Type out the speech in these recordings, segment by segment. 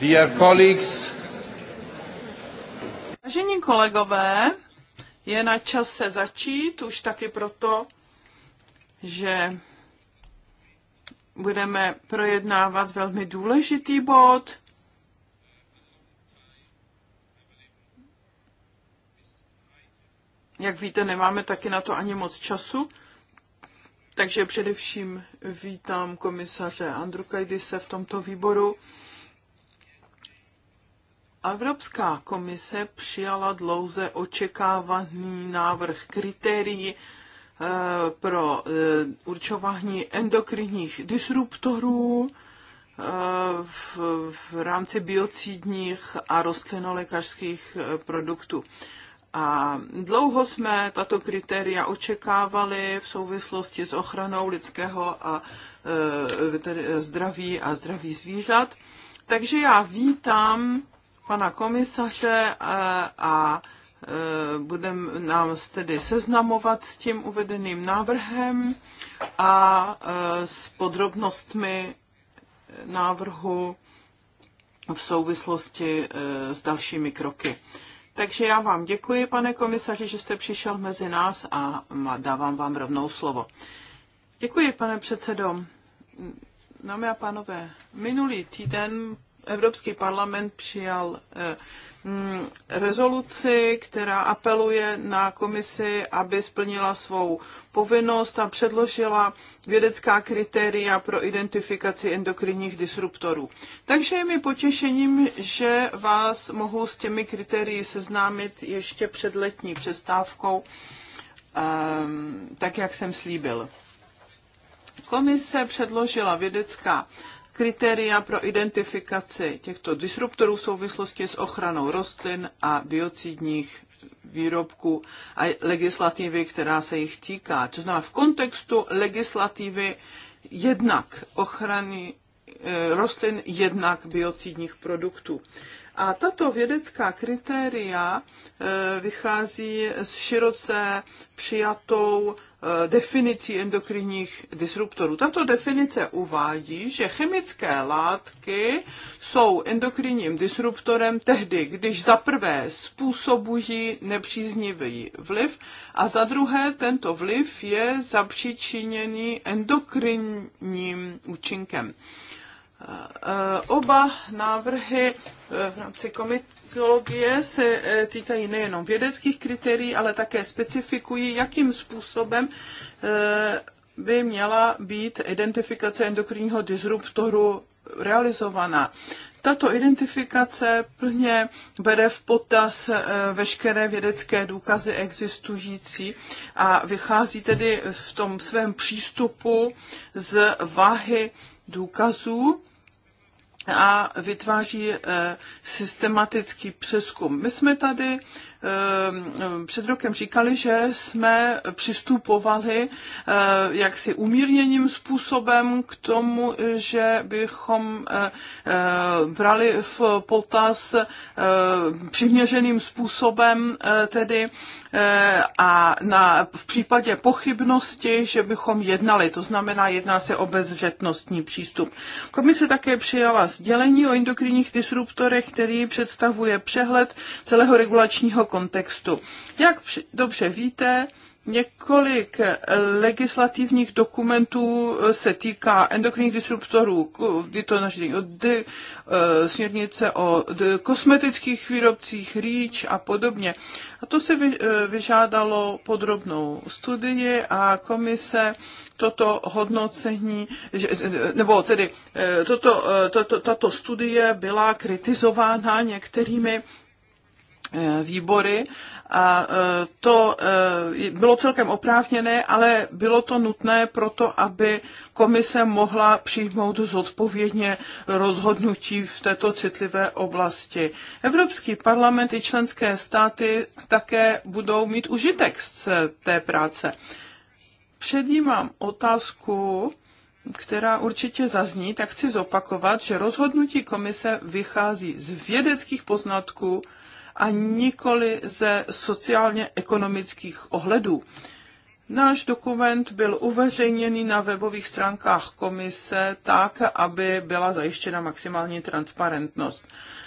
Dear colleagues. Vážení kolegové, je na čase začít, už taky proto, že budeme projednávat velmi důležitý bod. Jak víte, nemáme taky na to ani moc času. Takže především vítám komisaře Andrukajdise v tomto výboru Evropská komise přijala dlouze očekávaný návrh kritérií eh, pro eh, určování endokrinních disruptorů eh, v, v rámci biocídních a rostlinolékařských produktů. A dlouho jsme tato kritéria očekávali v souvislosti s ochranou lidského a e, zdraví a zdraví zvířat. Takže já vítám pana komisaře a, a e, budeme nám tedy seznamovat s tím uvedeným návrhem a e, s podrobnostmi návrhu v souvislosti e, s dalšími kroky. Takže já vám děkuji, pane komisaři, že jste přišel mezi nás a dávám vám rovnou slovo. Děkuji, pane předsedo. Dámy a pánové, minulý týden Evropský parlament přijal eh, mm, rezoluci, která apeluje na komisi, aby splnila svou povinnost a předložila vědecká kritéria pro identifikaci endokrinních disruptorů. Takže je mi potěšením, že vás mohu s těmi kritérii seznámit ještě před letní přestávkou, ehm, tak jak jsem slíbil. Komise předložila vědecká kritéria pro identifikaci těchto disruptorů v souvislosti s ochranou rostlin a biocidních výrobků a legislativy, která se jich týká. To znamená v kontextu legislativy jednak ochrany eh, rostlin, jednak biocidních produktů. A tato vědecká kritéria eh, vychází z široce přijatou eh, definicí endokrinních disruptorů. Tato definice uvádí, že chemické látky jsou endokrinním disruptorem tehdy, když za prvé způsobují nepříznivý vliv a za druhé tento vliv je zapříčiněný endokrinním účinkem. Eh, oba návrhy eh, v rámci komitologie se eh, týkají nejenom vědeckých kritérií, ale také specifikují, jakým způsobem by měla být identifikace endokrinního disruptoru realizovaná. Tato identifikace plně bere v potaz veškeré vědecké důkazy existující a vychází tedy v tom svém přístupu z váhy důkazů a vytváří eh, systematický přeskum. My jsme tady Ehm, před rokem říkali, že jsme přistupovali eh, jaksi umírněním způsobem k tomu, že bychom eh, brali v potaz eh, přiměřeným způsobem tedy a na, v případě pochybnosti, že bychom jednali. To znamená, jedná se o bezřetnostní přístup. Komise také přijala sdělení o endokrinních disruptorech, který představuje přehled celého regulačního kontextu. Jak dobře víte, Několik legislativních dokumentů eh, se týká endokrinních disruptorů, je to nařízení od d, eh, směrnice o d, kosmetických výrobcích, REACH a podobně. A to se vy, eh, vyžádalo podrobnou studii a komise toto hodnocení, že, nebo tedy toto, to, to, tato studie byla kritizována některými Eh, výbory a eh, to eh, bylo celkem oprávněné, ale bylo to nutné proto, aby komise mohla přijmout zodpovědně rozhodnutí v této citlivé oblasti. Evropský parlament i členské státy také budou mít užitek z té práce. Předjímám otázku, která určitě zazní, tak chci zopakovat, že rozhodnutí komise vychází z vědeckých poznatků, a nikoli ze sociálně-ekonomických ohledů. Náš dokument byl uveřejněný na webových stránkách komise tak, aby byla zajištěna maximální transparentnost.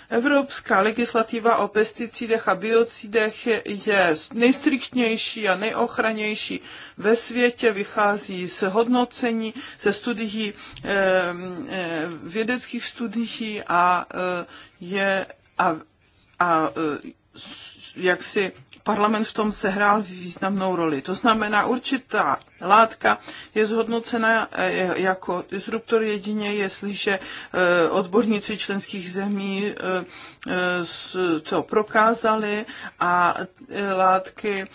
Evropská legislativa o pesticidech a biocidech je nejstriktnější a nejochranější ve světě, vychází z hodnocení, ze studií, eh, eh, vědeckých studií a eh, je a a e, jak si parlament v tom sehrál významnou roli. To znamená, určitá látka je zhodnocena e, jako disruptor jedině, jestliže e, odborníci členských zemí to prokázali a látky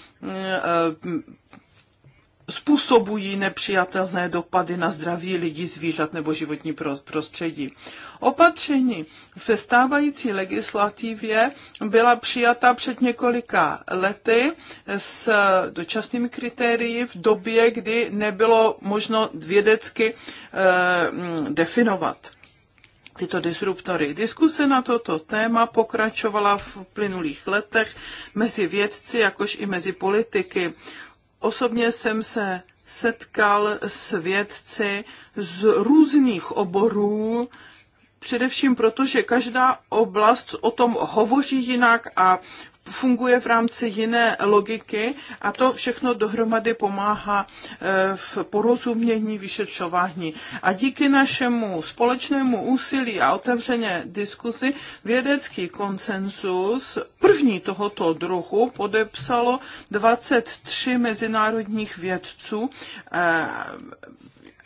způsobují nepřijatelné dopady na zdraví lidí, zvířat nebo životní prostředí. Opatření ve stávající legislativě byla přijata před několika lety s dočasnými kritérii v době, kdy nebylo možno vědecky eh, mm, definovat tyto disruptory. Diskuse na toto téma pokračovala v plynulých letech mezi vědci, jakož i mezi politiky. Osobně jsem se setkal s vědci z různých oborů, především proto, že každá oblast o tom hovoří jinak a funguje v rámci jiné logiky a to všechno dohromady pomáhá eh, v porozumění vyšetřování. A díky našemu společnému úsilí a otevřeně diskuzi vědecký konsenzus první tohoto druhu podepsalo 23 mezinárodních vědců eh,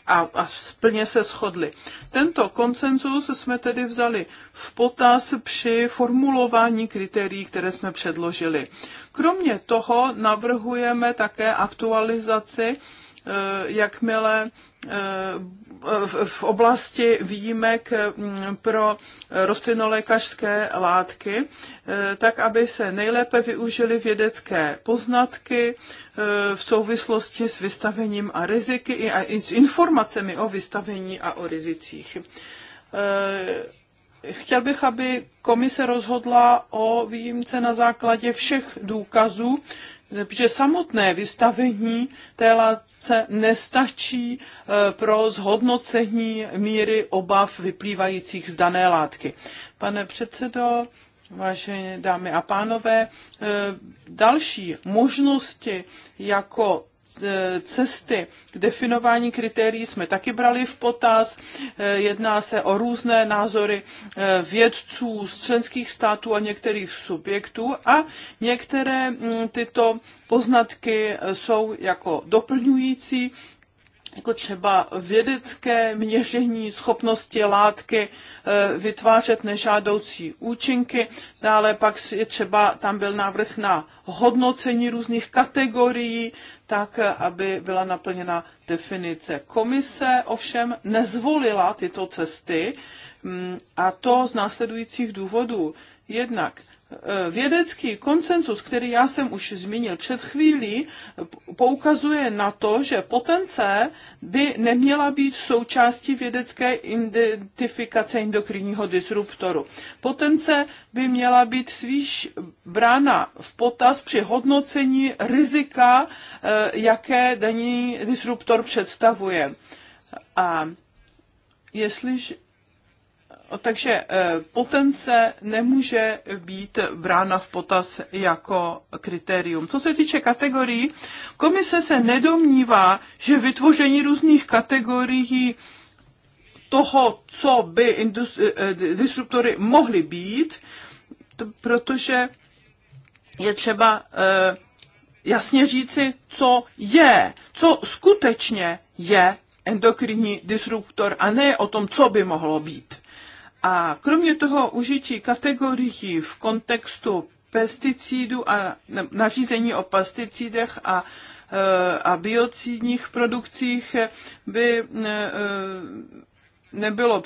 a, a plně se shodli. Tento koncenzus jsme tedy vzali v potaz při formulování kritérií, které jsme předložili. Kromě toho navrhujeme také aktualizaci, eh, jakmile eh, v oblasti výjimek mm, pro rostlinolékařské látky, e, tak aby se nejlépe využily vědecké poznatky e, v souvislosti s vystavením a riziky i s informacemi o vystavení a o rizicích. E, chtěl bych, aby komise rozhodla o výjimce na základě všech důkazů, že samotné vystavení té látce nestačí e, pro zhodnocení míry obav vyplývajících z dané látky. Pane předsedo, vážené dámy a pánové, e, další možnosti jako E, cesty k definování kritérií jsme taky brali v potaz. E, jedná se o různé názory e, vědců z členských států a některých subjektů a některé tyto poznatky jsou jako doplňující jako třeba vědecké měření schopnosti látky vytvářet nežádoucí účinky. Dále pak je třeba, tam byl návrh na hodnocení různých kategorií tak, aby byla naplněna definice. Komise ovšem nezvolila tyto cesty mm, a to z následujících důvodů. Jednak Eh, vědecký koncensus, který já jsem už zmínil před chvílí, poukazuje na to, že potence by neměla být součástí vědecké identifikace endokrinního disruptoru. Potence by měla být svýš brána v potaz při hodnocení rizika, eh, jaké daný disruptor představuje. A jestliže takže eh, potence nemůže být brána v potaz jako kritérium. Co se týče kategorií, komise se nedomnívá, že vytvoření různých kategorií toho, co by eh, eh, disruptory mohly být, protože je třeba jasně říci, co je, co skutečně je endokrinní disruptor a ne o tom, co by mohlo být. A kromě toho užití kategorií v kontextu pesticidů a nařízení o pesticidech a e, a biocidních produkcích by e, e, nebylo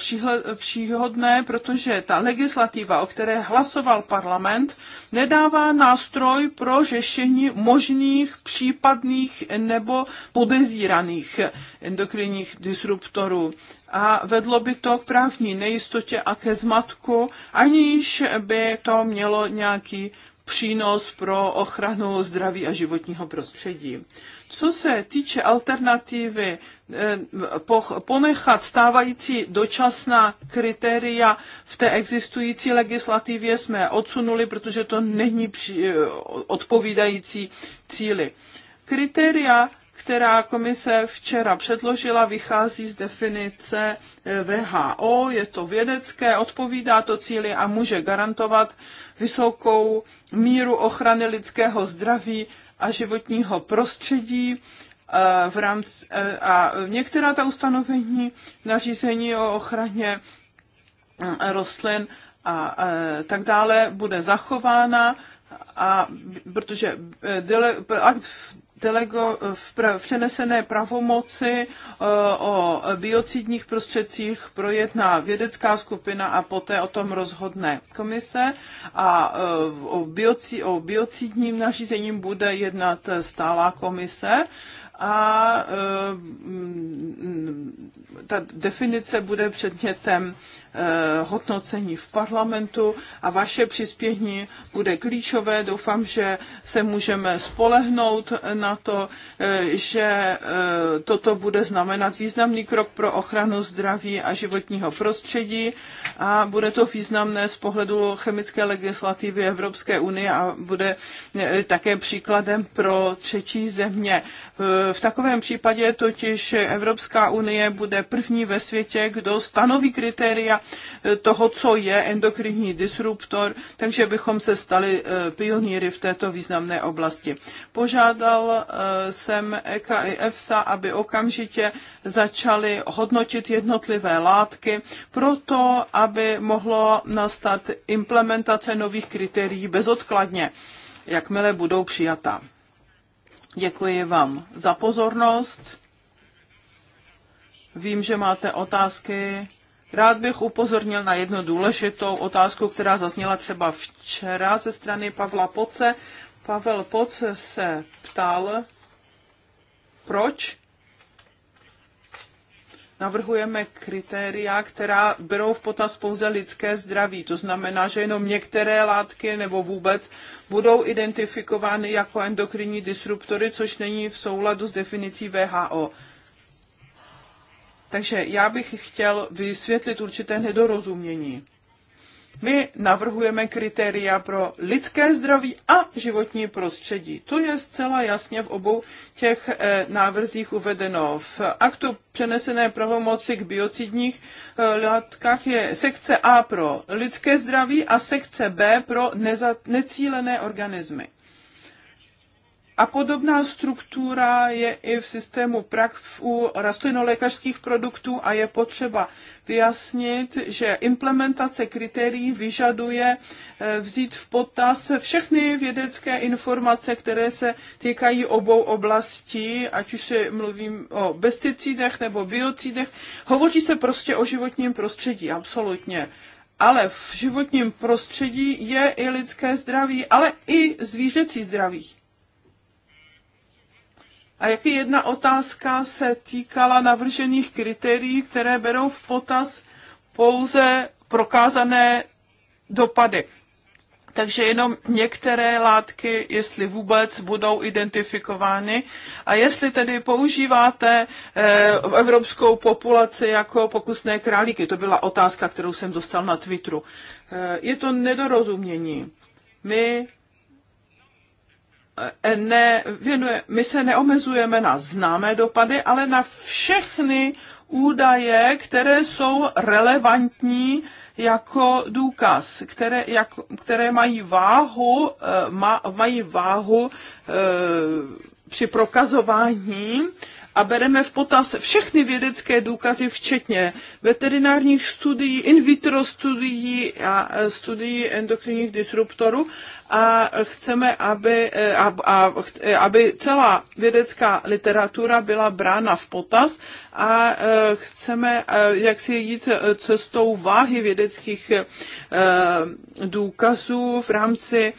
příhodné, protože ta legislativa, o které hlasoval parlament, nedává nástroj pro řešení možných případných nebo podezíraných endokrinních disruptorů. A vedlo by to k právní nejistotě a ke zmatku, aniž by to mělo nějaký přínos pro ochranu zdraví a životního prostředí. Co se týče alternativy Eh, ponechat stávající dočasná kritéria v té existující legislativě jsme odsunuli, protože to není eh, odpovídající cíli. Kritéria, která komise včera předložila, vychází z definice eh, VHO, je to vědecké, odpovídá to cíli a může garantovat vysokou míru ochrany lidského zdraví a životního prostředí v rámci, a některá ta ustanovení nařízení o ochraně eh, rostlin a eh, tak dále bude zachována, a, protože eh, akt v, delego, v, pra, v přenesené pravomoci o biocidních prostředcích projedná vědecká skupina a poté o tom rozhodne komise a o, bioci, o biocidním nařízením bude jednat stálá komise a eh, ta definice bude předmětem eh, hodnocení v parlamentu a vaše přispění bude klíčové. Doufám, že se můžeme spolehnout na to, eh, že toto bude znamenat významný krok pro ochranu zdraví a životního prostředí a bude to významné z pohledu chemické legislativy Evropské unie a bude také příkladem pro třetí země v takovém případě totiž Evropská unie bude první ve světě, kdo stanoví kritéria eh, toho, co je endokrinní disruptor, takže bychom se stali eh, pioníry v této významné oblasti. Požádal eh, jsem EKA i EFSA, aby okamžitě začali hodnotit jednotlivé látky, proto aby mohlo nastat implementace nových kritérií bezodkladně, jakmile budou přijata. Děkuji vám za pozornost. Vím, že máte otázky. Rád bych upozornil na jednu důležitou otázku, která zazněla třeba včera ze strany Pavla Poce. Pavel Poce se ptal, proč navrhujeme kritéria, která berou v potaz pouze lidské zdraví. To znamená, že jenom některé látky nebo vůbec budou identifikovány jako endokrinní disruptory, což není v souladu s definicí VHO. Takže já bych chtěl vysvětlit určité nedorozumění. My navrhujeme kritéria pro lidské zdraví a životní prostředí. To je zcela jasně v obou těch eh, návrzích uvedeno. V aktu přenesené pravomoci k biocidních eh, látkách je sekce A pro lidské zdraví a sekce B pro necílené organismy. A podobná struktura je i v systému PRAK u rastlinolékařských produktů a je potřeba vyjasnit, že implementace kritérií vyžaduje eh, vzít v potaz všechny vědecké informace, které se týkají obou oblastí, ať už se mluvím o pesticidech nebo biocidech. Hovoří se prostě o životním prostředí, absolutně ale v životním prostředí je i lidské zdraví, ale i zvířecí zdraví. A jak jedna otázka se týkala navržených kritérií, které berou v potaz pouze prokázané dopady. Takže jenom některé látky, jestli vůbec, budou identifikovány. A jestli tedy používáte eh, evropskou populaci jako pokusné králíky, to byla otázka, kterou jsem dostal na Twitteru. Eh, je to nedorozumění. My E, ne, my se neomezujeme na známé dopady, ale na všechny údaje, které jsou relevantní jako důkaz, které, jak, které mají váhu, e, mají váhu e, při prokazování e, a bereme v potaz všechny vědecké důkazy, včetně veterinárních studií, in vitro studií a e, studií endokrinních disruptorů a chceme, aby, e, a, a, e, aby celá vědecká literatura byla brána v potaz a chceme jak si jít cestou váhy vědeckých důkazů v rámci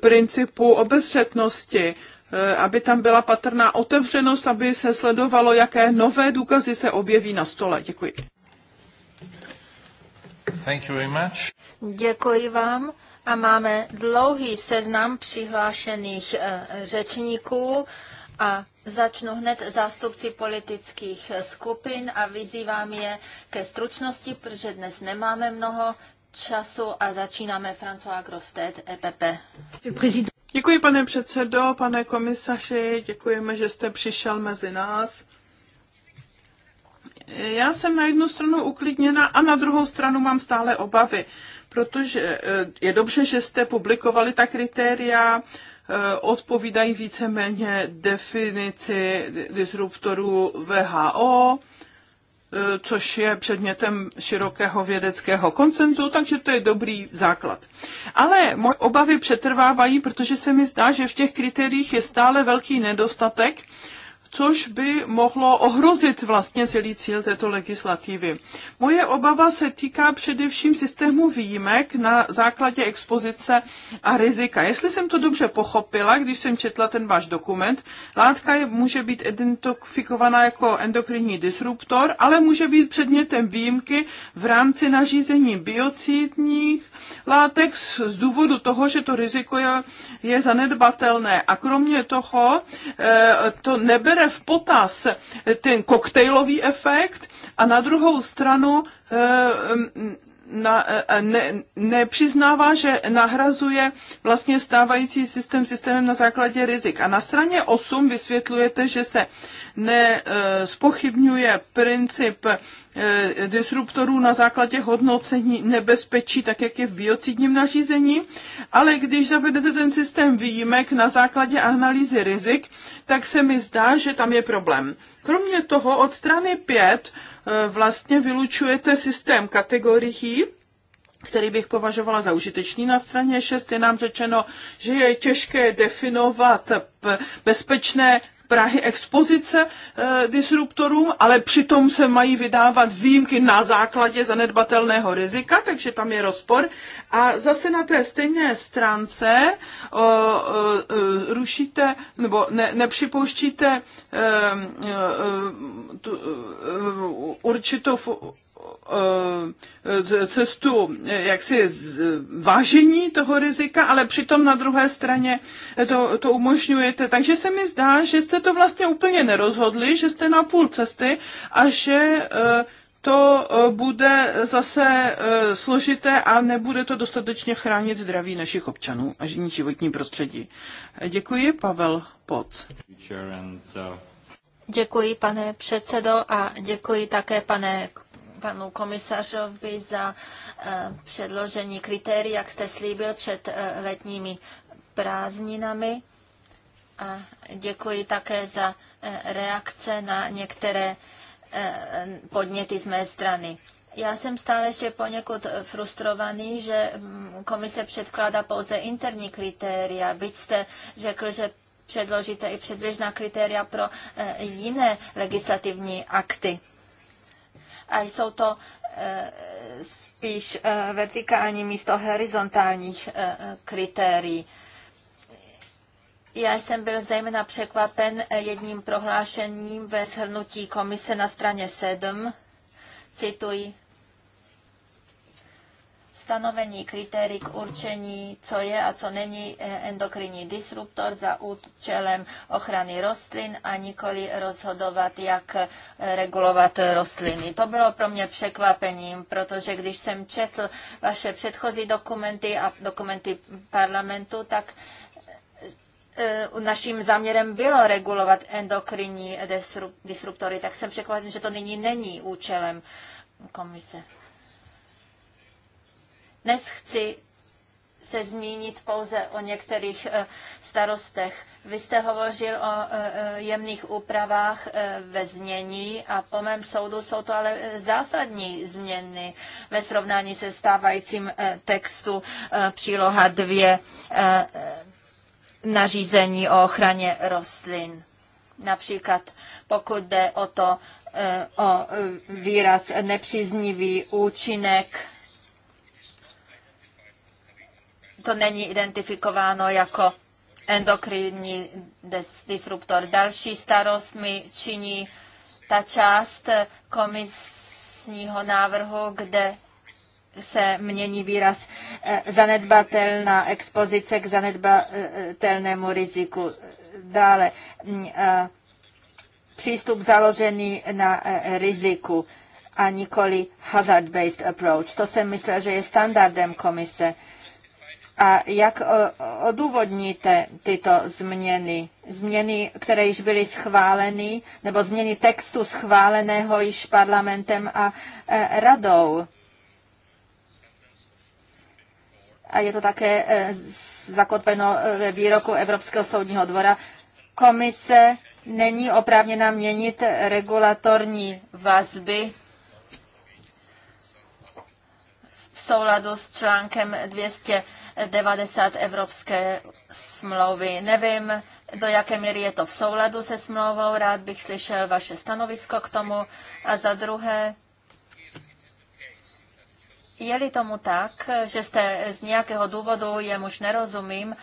principu obezřetnosti Eh, aby tam byla patrná otevřenost, aby se sledovalo, jaké nové důkazy se objeví na stole. Děkuji. Thank you very much. Děkuji vám a máme dlouhý seznam přihlášených eh, řečníků a začnu hned zástupci politických skupin a vyzývám je ke stručnosti, protože dnes nemáme mnoho času a začínáme François Grostet, EPP. Děkuji, pane předsedo, pane komisaři, děkujeme, že jste přišel mezi nás. Já jsem na jednu stranu uklidněna a na druhou stranu mám stále obavy, protože eh, je dobře, že jste publikovali ta kritéria, eh, odpovídají víceméně definici disruptorů VHO, E, což je předmětem širokého vědeckého koncenzu, takže to je dobrý základ. Ale moje obavy přetrvávají, protože se mi zdá, že v těch kritériích je stále velký nedostatek což by mohlo ohrozit vlastně celý cíl této legislativy. Moje obava se týká především systému výjimek na základě expozice a rizika. Jestli jsem to dobře pochopila, když jsem četla ten váš dokument, látka je, může být identifikovaná jako endokrinní disruptor, ale může být předmětem výjimky v rámci nařízení biocidních látek z důvodu toho, že to riziko je, je zanedbatelné. A kromě toho e, to nebere bere v potaz eh, ten koktejlový efekt a na druhou stranu eh, na, e, e, ne, nepřiznává, že nahrazuje vlastně stávající systém systémem na základě rizik. A na straně 8 vysvětlujete, že se nespochybňuje e, princip disruptorů na základě hodnocení nebezpečí, tak jak je v biocidním nařízení, ale když zavedete ten systém výjimek na základě analýzy rizik, tak se mi zdá, že tam je problém. Kromě toho od strany 5 Eh, vlastně vylučujete systém kategorií, který bych považovala za užitečný. Na straně 6 je nám řečeno, že je těžké definovat bezpečné Prahy expozice e, disruptorům, ale přitom se mají vydávat výjimky na základě zanedbatelného rizika, takže tam je rozpor. A zase na té stejné stránce o, o, e, rušíte nebo ne, nepřipouštíte eh, e, e, tu, e, určitou Eh, eh, cestu eh, jaksi vážení toho rizika, ale přitom na druhé straně to, to umožňujete. Takže se mi zdá, že jste to vlastně úplně nerozhodli, že jste na půl cesty a že to bude zase složité a nebude to dostatečně chránit zdraví našich občanů a životní prostředí. Děkuji, Pavel Pot. Uh, děkuji, pane předsedo, a děkuji také, pane panu komisařovi za eh, předložení kritérií, jak jste slíbil před eh, letními prázdninami. A děkuji také za eh, reakce na některé podněty z mé strany. Já jsem stále ještě poněkud frustrovaný, že mm, komise předkládá pouze interní kritéria. Byť jste řekl, že předložíte i předběžná kritéria pro jiné legislativní akty a jsou to eh, spíš eh, vertikální místo horizontálních eh, kritérií. Já jsem byl zejména překvapen jedním prohlášením ve shrnutí komise na straně 7. Cituji, stanovení kritérií k určení, co je a co není eh, endokrinní disruptor za účelem ochrany rostlin a nikoli rozhodovat, jak eh, regulovat rostliny. To bylo pro mě překvapením, protože když jsem četl vaše předchozí dokumenty a dokumenty parlamentu, tak eh, naším záměrem bylo regulovat endokrinní disruptory, tak jsem překvapen, že to nyní není účelem komise. Dnes chci se zmínit pouze o některých eh, starostech. Vy jste hovořil o eh, eh, jemných úpravách ve změní a po mém soudu jsou to ale zásadní změny ve srovnání se stávajícím textu příloha 2 nařízení o ochraně rostlin. Například pokud jde o to, o výraz nepříznivý účinek to není identifikováno jako endokrinní disruptor. Další starost mi činí ta část komisního návrhu, kde se mění výraz eh, zanedbatelná expozice k zanedbatelnému riziku. Dále mm, eh, přístup založený na eh, riziku a nikoli hazard-based approach. To jsem myslel, že je standardem komise. A jak e, odůvodníte tyto změny? Změny, které již byly schváleny, nebo změny textu schváleného již parlamentem a e, radou? A je to také e, zakotveno ve výroku Evropského soudního dvora. Komise není oprávněna měnit regulatorní vazby v souladu s článkem 200 90 evropské smlouvy. Nevím, do jaké míry je to v souladu se smlouvou, rád bych slyšel vaše stanovisko k tomu. A za druhé, je-li tomu tak, že jste z nějakého důvodu, jemuž nerozumím,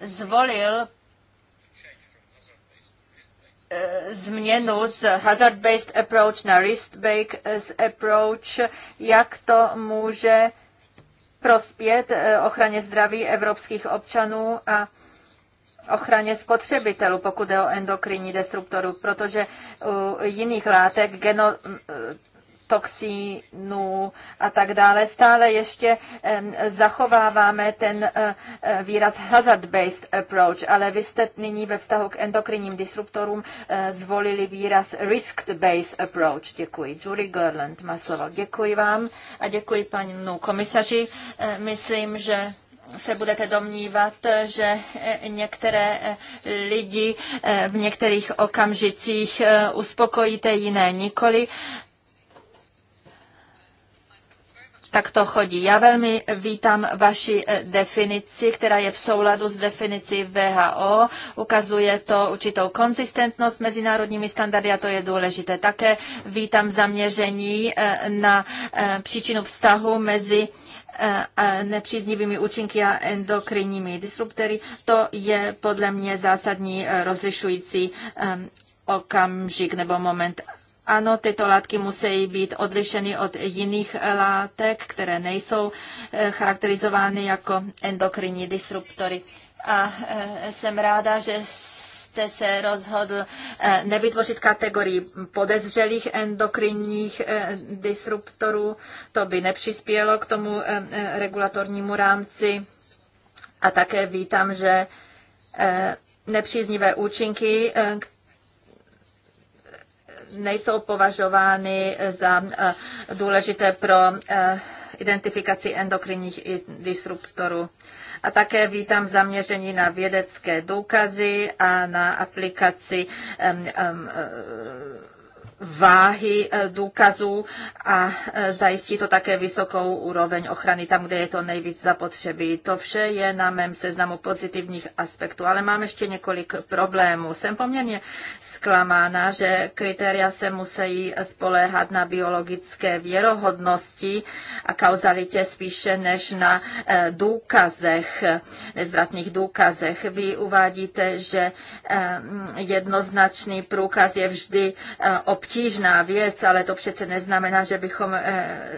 zvolil eh, změnu z hazard-based approach na risk-based approach, jak to může prospět eh, ochraně zdraví evropských občanů a ochraně spotřebitelů, pokud jde o endokrinní destruktoru, protože u jiných látek geno, toxínů a tak dále. Stále ještě zachováváme ten eh, eh, výraz hazard-based approach, ale vy jste nyní ve vztahu k endokrinním disruptorům eh, zvolili výraz risk-based approach. Děkuji. Judy Garland má slovo. Děkuji vám a děkuji panu komisaři. Myslím, že se budete domnívat, že některé lidi v některých okamžicích uspokojíte, jiné nikoli tak to chodí. Já velmi vítám vaši eh, definici, která je v souladu s definicí VHO. Ukazuje to určitou konzistentnost mezinárodními standardy a to je důležité. Také vítám zaměření eh, na eh, příčinu vztahu mezi nepříznivými účinky a endokrinními disruptory. To je podle mě zásadní rozlišující okamžik nebo moment. Ano, tyto látky musí být odlišeny od jiných látek, které nejsou eh, charakterizovány jako endokrinní disruptory. A eh, jsem ráda, že jste se rozhodl eh, nevytvořit kategorii podezřelých endokrinních disruptorů. To by nepřispělo k tomu regulatornímu rámci. A také vítám, že nepříznivé účinky, nejsou považovány za eh, důležité pro eh, identifikaci endokrinních disruptorů. A také vítám zaměření na vědecké důkazy a na aplikaci um, um, váhy eh, důkazů a eh, zajistí to také vysokou úroveň ochrany tam, kde je to nejvíc zapotřebí. To vše je na mém seznamu pozitivních aspektů, ale mám ještě několik problémů. Jsem poměrně zklamána, že kritéria se musí spoléhat na biologické věrohodnosti a kauzalitě spíše než na eh, důkazech, nezvratných důkazech. Vy uvádíte, že jednoznačný průkaz je vždy občas obtížná věc, ale to přece neznamená, že bychom eh,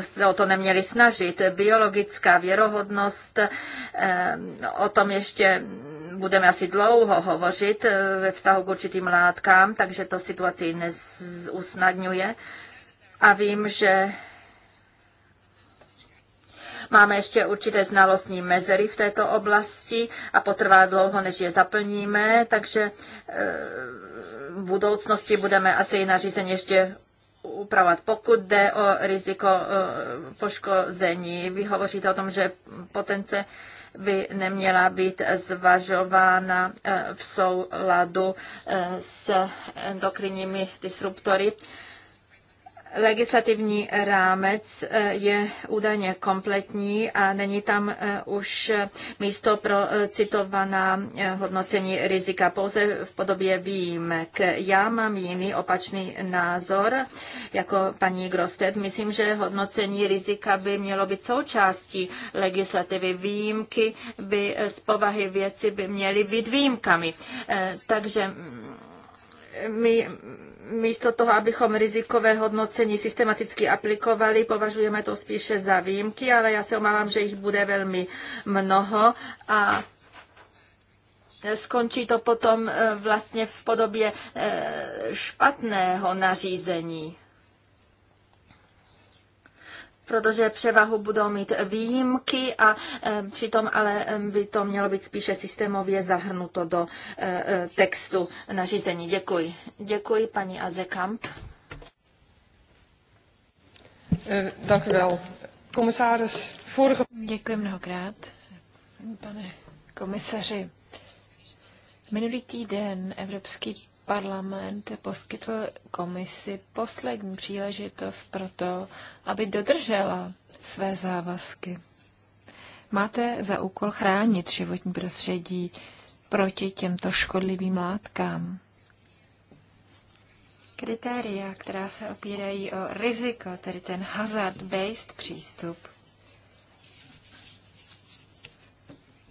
se o to neměli snažit. Biologická věrohodnost, eh, o tom ještě budeme asi dlouho hovořit eh, ve vztahu k určitým látkám, takže to situaci neusnadňuje. A vím, že Máme ještě určité znalostní mezery v této oblasti a potrvá dlouho, než je zaplníme, takže budoucnosti budeme asi nařízení ještě upravovat. Pokud jde o riziko eh, poškození, vy hovoříte o tom, že potence by neměla být zvažována eh, v souladu eh, s endokrinními disruptory. Legislativní rámec eh, je údajně kompletní a není tam eh, už eh, místo pro citovaná hodnocení rizika, pouze v podobě výjimek. Já mám jiný opačný názor jako paní Grosted. Myslím, že hodnocení rizika by mělo být součástí legislativy. Výjimky by z povahy věci by měly být výjimkami. Takže mm, my místo toho, abychom rizikové hodnocení systematicky aplikovali, považujeme to spíše za výjimky, ale já se omávám, že jich bude velmi mnoho a skončí to potom eh, vlastně v podobě eh, špatného nařízení protože převahu budou mít výjimky a e, přitom ale e, by to mělo být spíše systémově zahrnuto do e, textu nařízení. Děkuji. Děkuji paní Azekamp. Dank u wel. Commissaris, vorige... Děkuji mnohokrát, pane komisaři. Minulý týden Evropský parlament poskytl komisi poslední příležitost pro to, aby dodržela své závazky. Máte za úkol chránit životní prostředí proti těmto škodlivým látkám. Kritéria, která se opírají o riziko, tedy ten hazard-based přístup,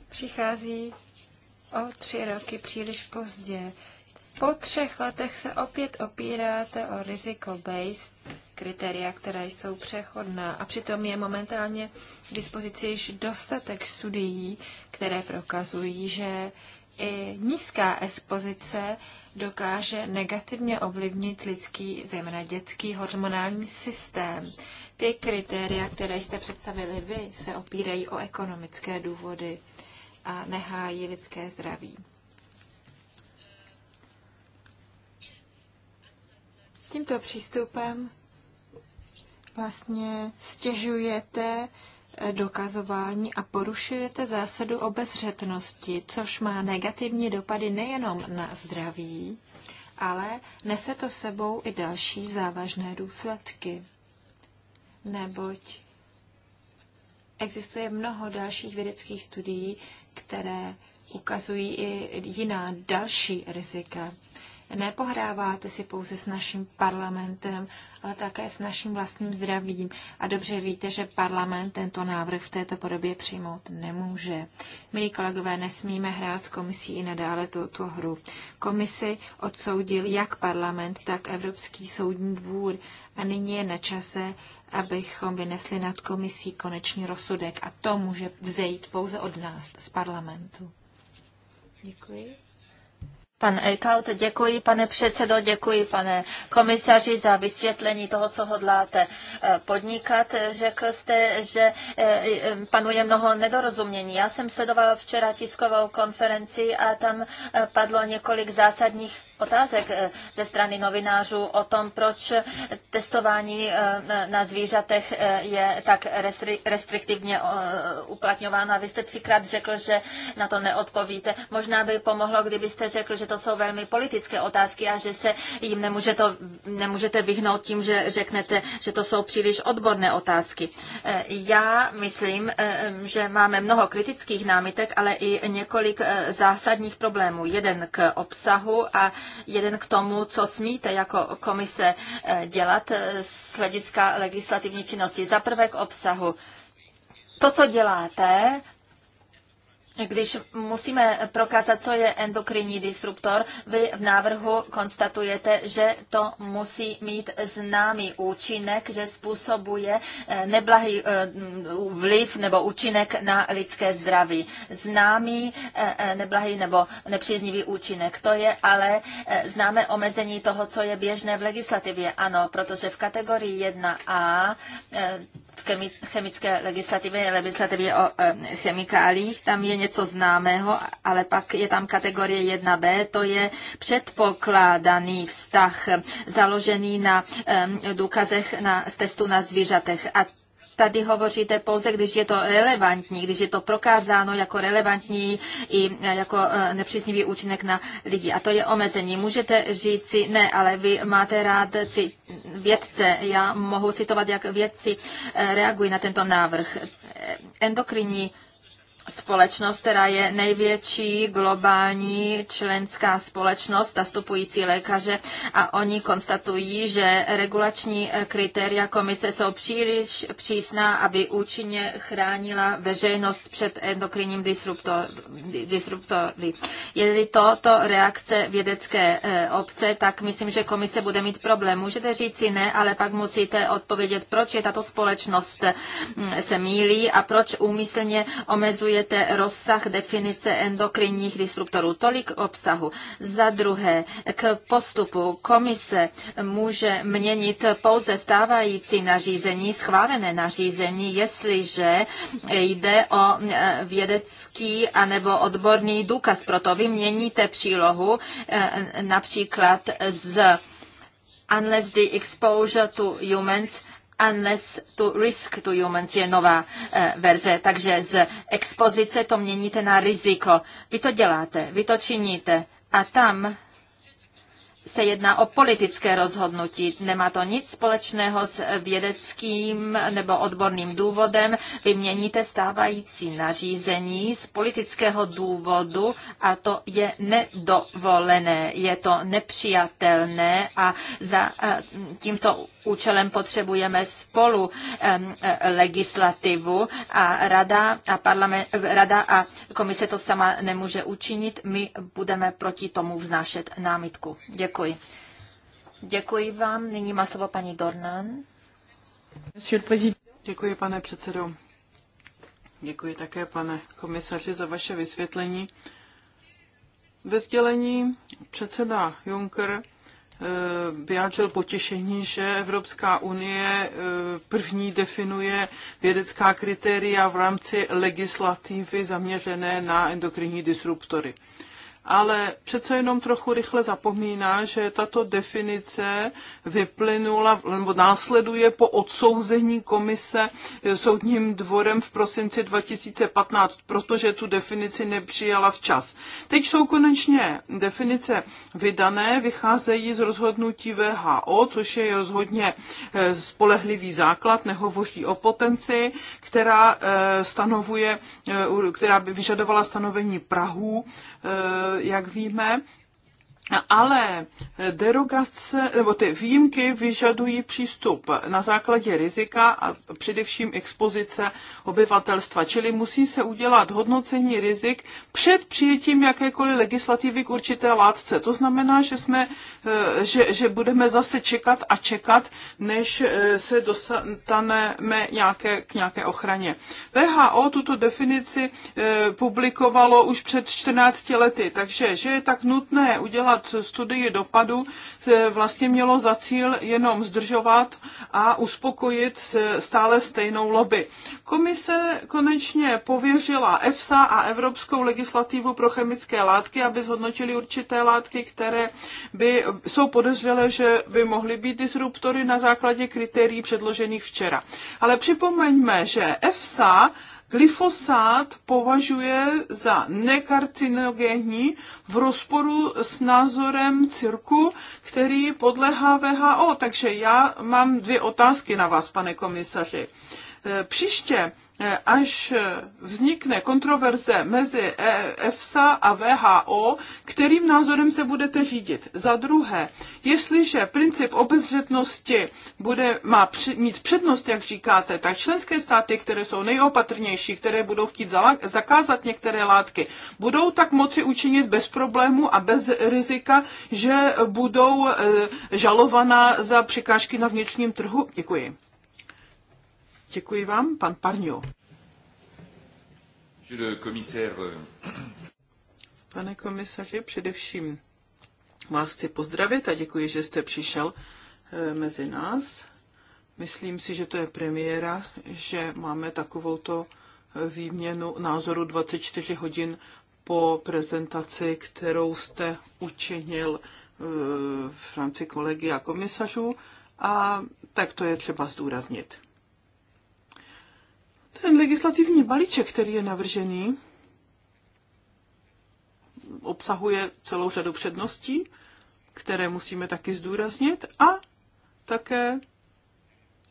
přichází o tři roky příliš pozdě. Po třech letech se opět opíráte o riziko-based kritéria, která jsou přechodná. A přitom je momentálně k dispozici již dostatek studií, které prokazují, že i nízká expozice dokáže negativně ovlivnit lidský, zejména dětský hormonální systém. Ty kritéria, které jste představili vy, se opírají o ekonomické důvody a nehájí lidské zdraví. Tímto přístupem vlastně stěžujete eh, dokazování a porušujete zásadu obezřetnosti, což má negativní dopady nejenom na zdraví, ale nese to sebou i další závažné důsledky. Neboť existuje mnoho dalších vědeckých studií, které ukazují i jiná další rizika nepohráváte si pouze s naším parlamentem, ale také s naším vlastním zdravím. A dobře víte, že parlament tento návrh v této podobě přijmout nemůže. Milí kolegové, nesmíme hrát s komisí i nadále tuto hru. Komisi odsoudil jak parlament, tak Evropský soudní dvůr a nyní je na čase, abychom vynesli nad komisí konečný rozsudek a to může vzejít pouze od nás z parlamentu. Děkuji. Pan Eichaut, děkuji pane předsedo, děkuji pane komisaři za vysvětlení toho, co hodláte eh, podnikat. Řekl jste, že eh, panuje mnoho nedorozumění. Já jsem sledovala včera tiskovou konferenci a tam eh, padlo několik zásadních otázek eh, ze strany novinářů o tom, proč testování eh, na zvířatech eh, je tak restriktivně uplatňováno. vy jste třikrát řekl, že na to neodpovíte. Možná by pomohlo, kdybyste řekl, že to jsou velmi politické otázky a že se jim nemůže to, nemůžete vyhnout tím, že řeknete, že to jsou příliš odborné otázky. Já myslím, že máme mnoho kritických námitek, ale i několik zásadních problémů. Jeden k obsahu a jeden k tomu, co smíte jako komise eh, dělat eh, z hlediska legislativní činnosti. Za prvé k obsahu. To, co děláte, když musíme prokázat, co je endokrinní disruptor, vy v návrhu konstatujete, že to musí mít známý účinek, že způsobuje eh, neblahý eh, vliv nebo účinek na lidské zdraví. Známý eh, neblahý nebo nepříznivý účinek. To je ale známe omezení toho, co je běžné v legislativě. Ano, protože v kategorii 1a v chemické legislativě, legislativě o chemikálích, tam je něco něco známého, ale pak je tam kategorie 1b, to je předpokládaný vztah založený na důkazech na, z testu na zvířatech. A tady hovoříte pouze, když je to relevantní, když je to prokázáno jako relevantní i e, jako e, nepříznivý účinek na lidi. A to je omezení. Můžete říci, ne, ale vy máte rád vědce. Já mohu citovat, jak vědci e, reagují na tento návrh. Endokrinní společnost, která je největší globální členská společnost zastupující lékaře a oni konstatují, že regulační kritéria komise jsou příliš přísná, aby účinně chránila veřejnost před endokrinním disruptory. Je-li toto reakce vědecké eh, obce, tak myslím, že komise bude mít problém. Můžete říct si ne, ale pak musíte odpovědět, proč je tato společnost hm, se mílí a proč úmyslně omezuje snižujete rozsah definice endokrinních disruptorů. Tolik obsahu. Za druhé, k postupu komise může měnit pouze stávající nařízení, schválené nařízení, jestliže jde o e, vědecký anebo odborný důkaz. Proto vy měníte přílohu e, například z unless the exposure to humans unless to risk to humans je nová eh, verze, takže z expozice to měníte na riziko. Vy to děláte, vy to činíte a tam se jedná o politické rozhodnutí. Nemá to nic společného s vědeckým nebo odborným důvodem. Vyměníte stávající nařízení z politického důvodu a to je nedovolené, je to nepřijatelné a za tímto účelem potřebujeme spolu legislativu a rada a, parlament, rada a komise to sama nemůže učinit. My budeme proti tomu vznášet námitku. Děkuji. Děkuji. Děkuji vám. Nyní má slovo paní Dornan. Děkuji, pane předsedo. Děkuji také, pane komisaři, za vaše vysvětlení. Ve sdělení předseda Juncker eh, vyjádřil potěšení, že Evropská unie eh, první definuje vědecká kritéria v rámci legislativy zaměřené na endokrinní disruptory ale přece jenom trochu rychle zapomíná, že tato definice vyplynula nebo následuje po odsouzení komise soudním dvorem v prosinci 2015, protože tu definici nepřijala včas. Teď jsou konečně definice vydané, vycházejí z rozhodnutí VHO, což je rozhodně e, spolehlivý základ, nehovoří o potenci, která e, stanovuje, e, která by vyžadovala stanovení Prahu jak víme, ale derogace nebo ty výjimky vyžadují přístup na základě rizika a především expozice obyvatelstva, čili musí se udělat hodnocení rizik před přijetím jakékoliv legislativy k určité látce. To znamená, že, jsme, eh, že, že budeme zase čekat a čekat, než eh, se dostaneme nějaké, k nějaké ochraně. VHO tuto definici eh, publikovalo už před 14 lety, takže že je tak nutné udělat dělat studii dopadu, vlastně mělo za cíl jenom zdržovat a uspokojit stále stejnou lobby. Komise konečně pověřila EFSA a Evropskou legislativu pro chemické látky, aby zhodnotili určité látky, které by, jsou podezřelé, že by mohly být disruptory na základě kritérií předložených včera. Ale připomeňme, že EFSA glyfosát považuje za nekarcinogenní v rozporu s názorem cirku, který podlehá VHO. Takže já mám dvě otázky na vás, pane komisaři. E, příště Eh, až eh, vznikne kontroverze mezi e, EFSA a VHO, kterým názorem se budete řídit. Za druhé, jestliže princip obezřetnosti bude, má při, mít přednost, jak říkáte, tak členské státy, které jsou nejopatrnější, které budou chtít zakázat některé látky, budou tak moci učinit bez problému a bez rizika, že budou e, žalovaná za překážky na vnitřním trhu? Děkuji. Děkuji vám, pan Parňo. Pane komisaři, především vás chci pozdravit a děkuji, že jste přišel eh, mezi nás. Myslím si, že to je premiéra, že máme takovouto eh, výměnu názoru 24 hodin po prezentaci, kterou jste učinil eh, v rámci kolegy a komisařů. A tak to je třeba zdůraznit. Ten legislativní balíček, který je navržený, obsahuje celou řadu předností, které musíme taky zdůraznit, a také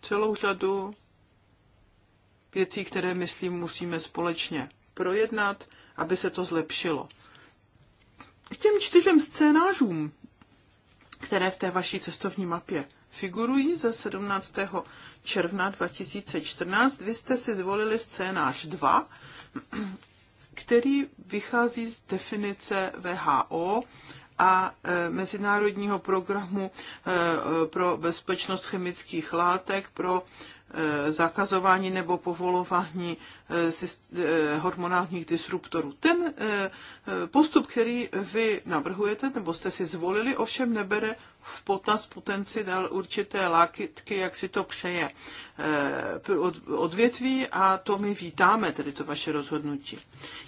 celou řadu věcí, které, myslím, musíme společně projednat, aby se to zlepšilo. K těm čtyřem scénářům, které v té vaší cestovní mapě figurují ze 17. června 2014. Vy jste si zvolili scénář 2, který vychází z definice VHO a e, Mezinárodního programu e, e, pro bezpečnost chemických látek pro Eh, zakazování nebo povolování eh, eh, hormonálních disruptorů. Ten postup, který vy navrhujete nebo jste si zvolili, ovšem nebere v potaz dal určité lákytky, jak si to přeje odvětví a to my vítáme, tedy to vaše rozhodnutí.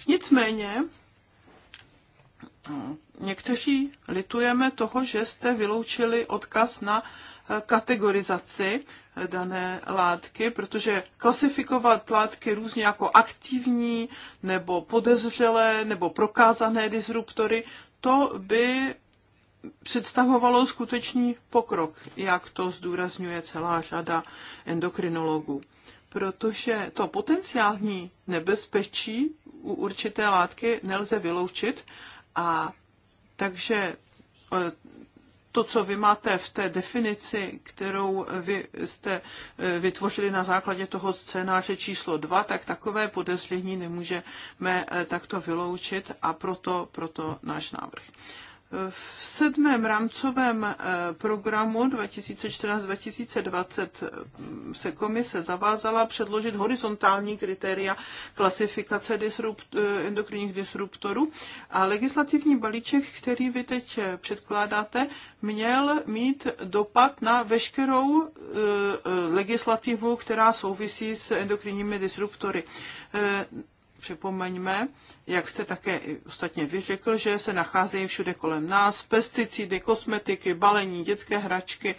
Nicméně, hm, Někteří litujeme toho, že jste vyloučili odkaz na kategorizaci eh, dané látky, protože klasifikovat látky různě jako aktivní nebo podezřelé nebo prokázané disruptory, to by představovalo skutečný pokrok, jak to zdůrazňuje celá řada endokrinologů. Protože to potenciální nebezpečí u určité látky nelze vyloučit a takže eh, to, co vy máte v té definici, kterou vy jste eh, vytvořili na základě toho scénáře číslo 2, tak takové podezření nemůžeme eh, takto vyloučit a proto, proto náš návrh. V sedmém rámcovém eh, programu 2014-2020 mm, se komise zavázala předložit horizontální kritéria klasifikace disrupt, eh, endokrinních disruptorů a legislativní balíček, který vy teď eh, předkládáte, měl mít dopad na veškerou legislativu, která souvisí s endokrinními disruptory připomeňme, jak jste také ostatně vyřekl, že se nacházejí všude kolem nás pesticidy, kosmetiky, balení, dětské hračky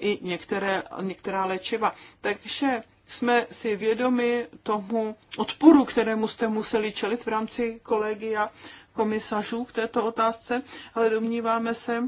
i některé, některá léčiva. Takže jsme si vědomi tomu odporu, kterému jste museli čelit v rámci kolegia komisařů k této otázce, ale domníváme se,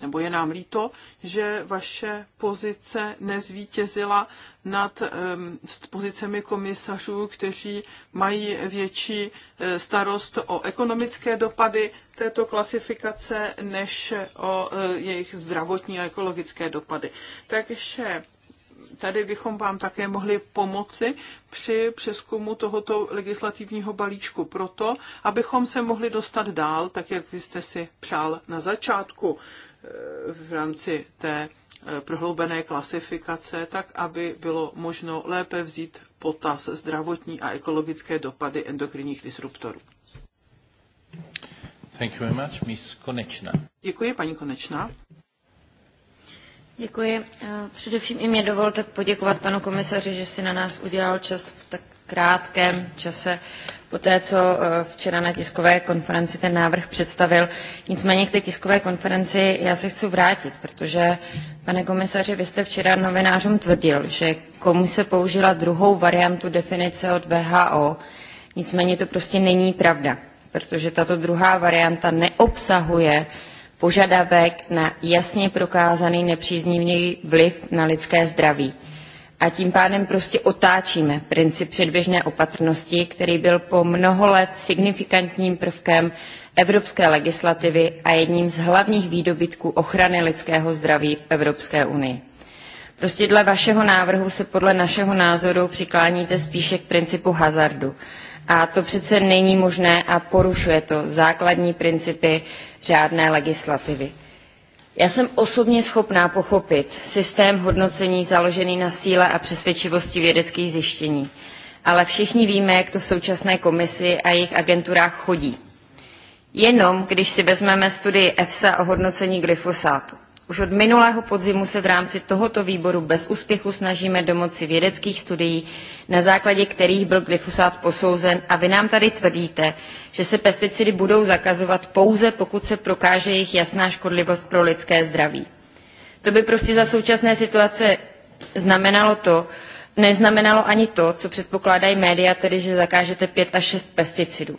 nebo je nám líto, že vaše pozice nezvítězila nad um, pozicemi komisařů, kteří mají větší e, starost o ekonomické dopady této klasifikace než o e, jejich zdravotní a ekologické dopady. Takže tady bychom vám také mohli pomoci při přeskumu tohoto legislativního balíčku proto, abychom se mohli dostat dál, tak jak vy jste si přál na začátku v rámci té eh, prohloubené klasifikace, tak aby bylo možno lépe vzít potaz zdravotní a ekologické dopady endokrinních disruptorů. Thank you very much, Miss Konečná. Děkuji, paní Konečná. Děkuji. Eh, především i mě dovolte poděkovat panu komisaři, že si na nás udělal čas v tak krátkém čase poté, co eh, včera na tiskové konferenci ten návrh představil. Nicméně k té tiskové konferenci já se chci vrátit, protože, pane komisaři, vy jste včera novinářům tvrdil, že komise použila druhou variantu definice od VHO, nicméně to prostě není pravda, protože tato druhá varianta neobsahuje požadavek na jasně prokázaný nepříznivý vliv na lidské zdraví a tím pádem prostě otáčíme princip předběžné opatrnosti, který byl po mnoho let signifikantním prvkem evropské legislativy a jedním z hlavních výdobytků ochrany lidského zdraví v Evropské unii. Prostě dle vašeho návrhu se podle našeho názoru přikláníte spíše k principu hazardu. A to přece není možné a porušuje to základní principy řádné legislativy. Já jsem osobně schopná pochopit systém hodnocení založený na síle a přesvědčivosti vědeckých zjištění, ale všichni víme, jak to v současné komisi a jejich agenturách chodí. Jenom když si vezmeme studii EFSA o hodnocení glyfosátu. Už od minulého podzimu se v rámci tohoto výboru bez úspěchu snažíme domoci vědeckých studií, na základě kterých byl glyfosát posouzen a vy nám tady tvrdíte, že se pesticidy budou zakazovat pouze, pokud se prokáže jejich jasná škodlivost pro lidské zdraví. To by prostě za současné situace znamenalo to, neznamenalo ani to, co předpokládají média, tedy že zakážete pět až šest pesticidů.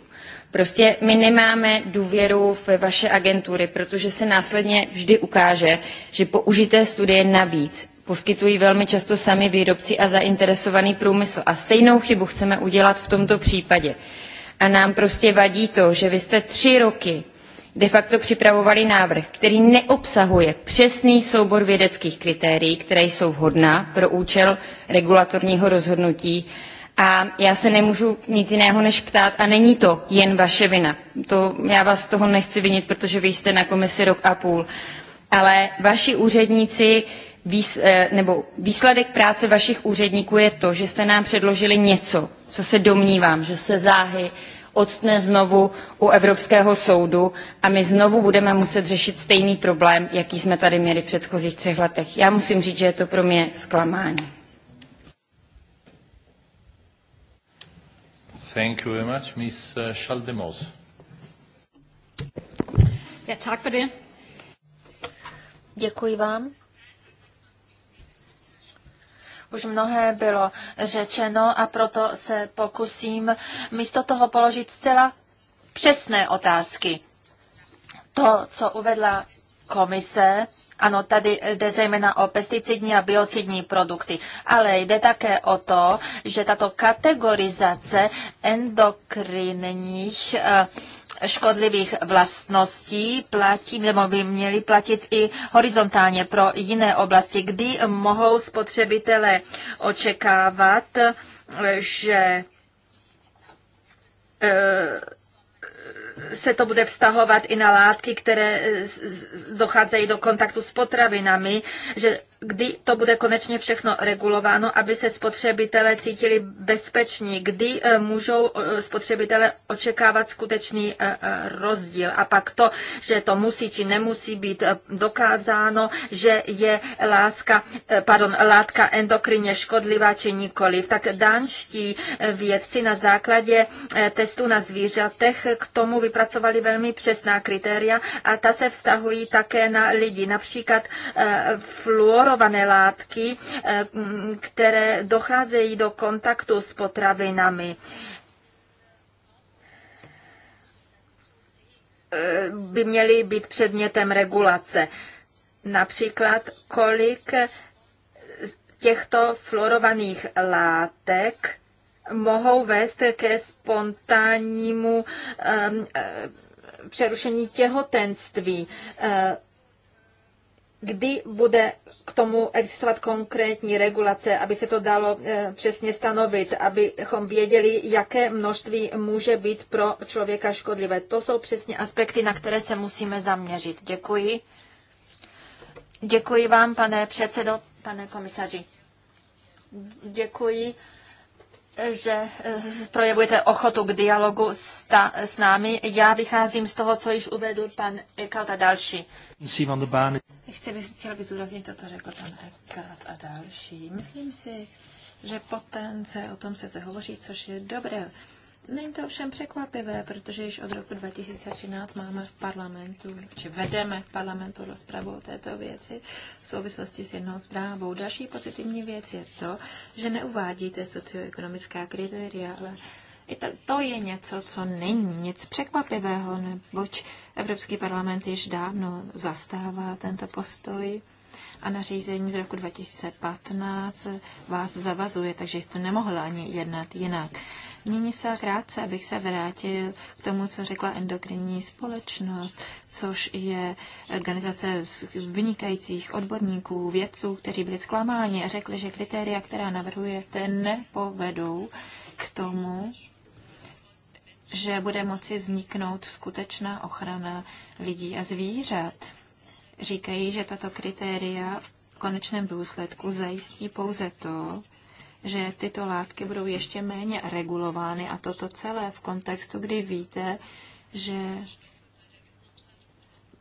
Prostě my nemáme důvěru v vaše agentury, protože se následně vždy ukáže, že použité studie navíc poskytují velmi často sami výrobci a zainteresovaný průmysl. A stejnou chybu chceme udělat v tomto případě. A nám prostě vadí to, že vy jste tři roky de facto připravovali návrh, který neobsahuje přesný soubor vědeckých kritérií, které jsou vhodná pro účel regulatorního rozhodnutí a já se nemůžu nic jiného než ptát a není to jen vaše vina. To, já vás toho nechci vinit, protože vy jste na komisi rok a půl. Ale vaši úředníci výs, eh, nebo výsledek práce vašich úředníků je to, že jste nám předložili něco, co se domnívám, že se záhy odstne znovu u Evropského soudu a my znovu budeme muset řešit stejný problém, jaký jsme tady měli v předchozích třech letech. Já musím říct, že je to pro mě zklamání. Thank you very much, Miss uh, Schaldemose. Ja, tak for det. Děkuji vám. Už mnohé bylo řečeno a proto se pokusím místo toho položit zcela přesné otázky. To, co uvedla komise. Ano, tady jde zejména o pesticidní a biocidní produkty, ale jde také o to, že tato kategorizace endokrinních uh, škodlivých vlastností platí, nebo by měly platit i horizontálně pro jiné oblasti, kdy mohou spotřebitelé očekávat, že eh, se to bude vztahovat i na látky, které docházejí do kontaktu s potravinami, že kdy to bude konečně všechno regulováno, aby se spotřebitelé cítili bezpeční, kdy eh, můžou eh, spotřebitelé očekávat skutečný eh, rozdíl. A pak to, že to musí či nemusí být dokázáno, že je láska, pardon, látka endokrině škodlivá či nikoliv. Tak dánští vědci na základě testů na zvířatech k tomu vypracovali velmi přesná kritéria a ta se vztahují také na lidi. Například fluor fluorované látky, eh, které docházejí do kontaktu s potravinami. Eh, by měly být předmětem regulace. Například, kolik těchto fluorovaných látek mohou vést ke spontánnímu um, přerušení těhotenství kdy bude k tomu existovat konkrétní regulace, aby se to dalo eh, přesně stanovit, abychom věděli, jaké množství může být pro člověka škodlivé. To jsou přesně aspekty, na které se musíme zaměřit. Děkuji. Děkuji vám, pane předsedo, pane komisaři. Děkuji že eh, projevujete ochotu k dialogu s, ta, s námi. Já vycházím z toho, co již uvedl pan Eckhart a další. Chci bych, chtěl bych zúraznit to, co řekl pan Eckhart a další. Myslím si, že poté o tom se zde hovoří, což je dobré. Není to ovšem překvapivé, protože již od roku 2013 máme v parlamentu, či vedeme v parlamentu rozpravu o této věci v souvislosti s jednou zprávou. Další pozitivní věc je to, že neuvádíte socioekonomická kritéria, ale i to, to je něco, co není nic překvapivého, neboť Evropský parlament již dávno zastává tento postoj a nařízení z roku 2015 vás zavazuje, takže jste nemohla ani jednat jinak. Nyní se krátce, abych se vrátil k tomu, co řekla endokrinní společnost, což je organizace vynikajících odborníků, vědců, kteří byli zklamáni a řekli, že kritéria, která navrhujete, nepovedou k tomu, že bude moci vzniknout skutečná ochrana lidí a zvířat. Říkají, že tato kritéria v konečném důsledku zajistí pouze to, že tyto látky budou ještě méně regulovány a toto celé v kontextu, kdy víte, že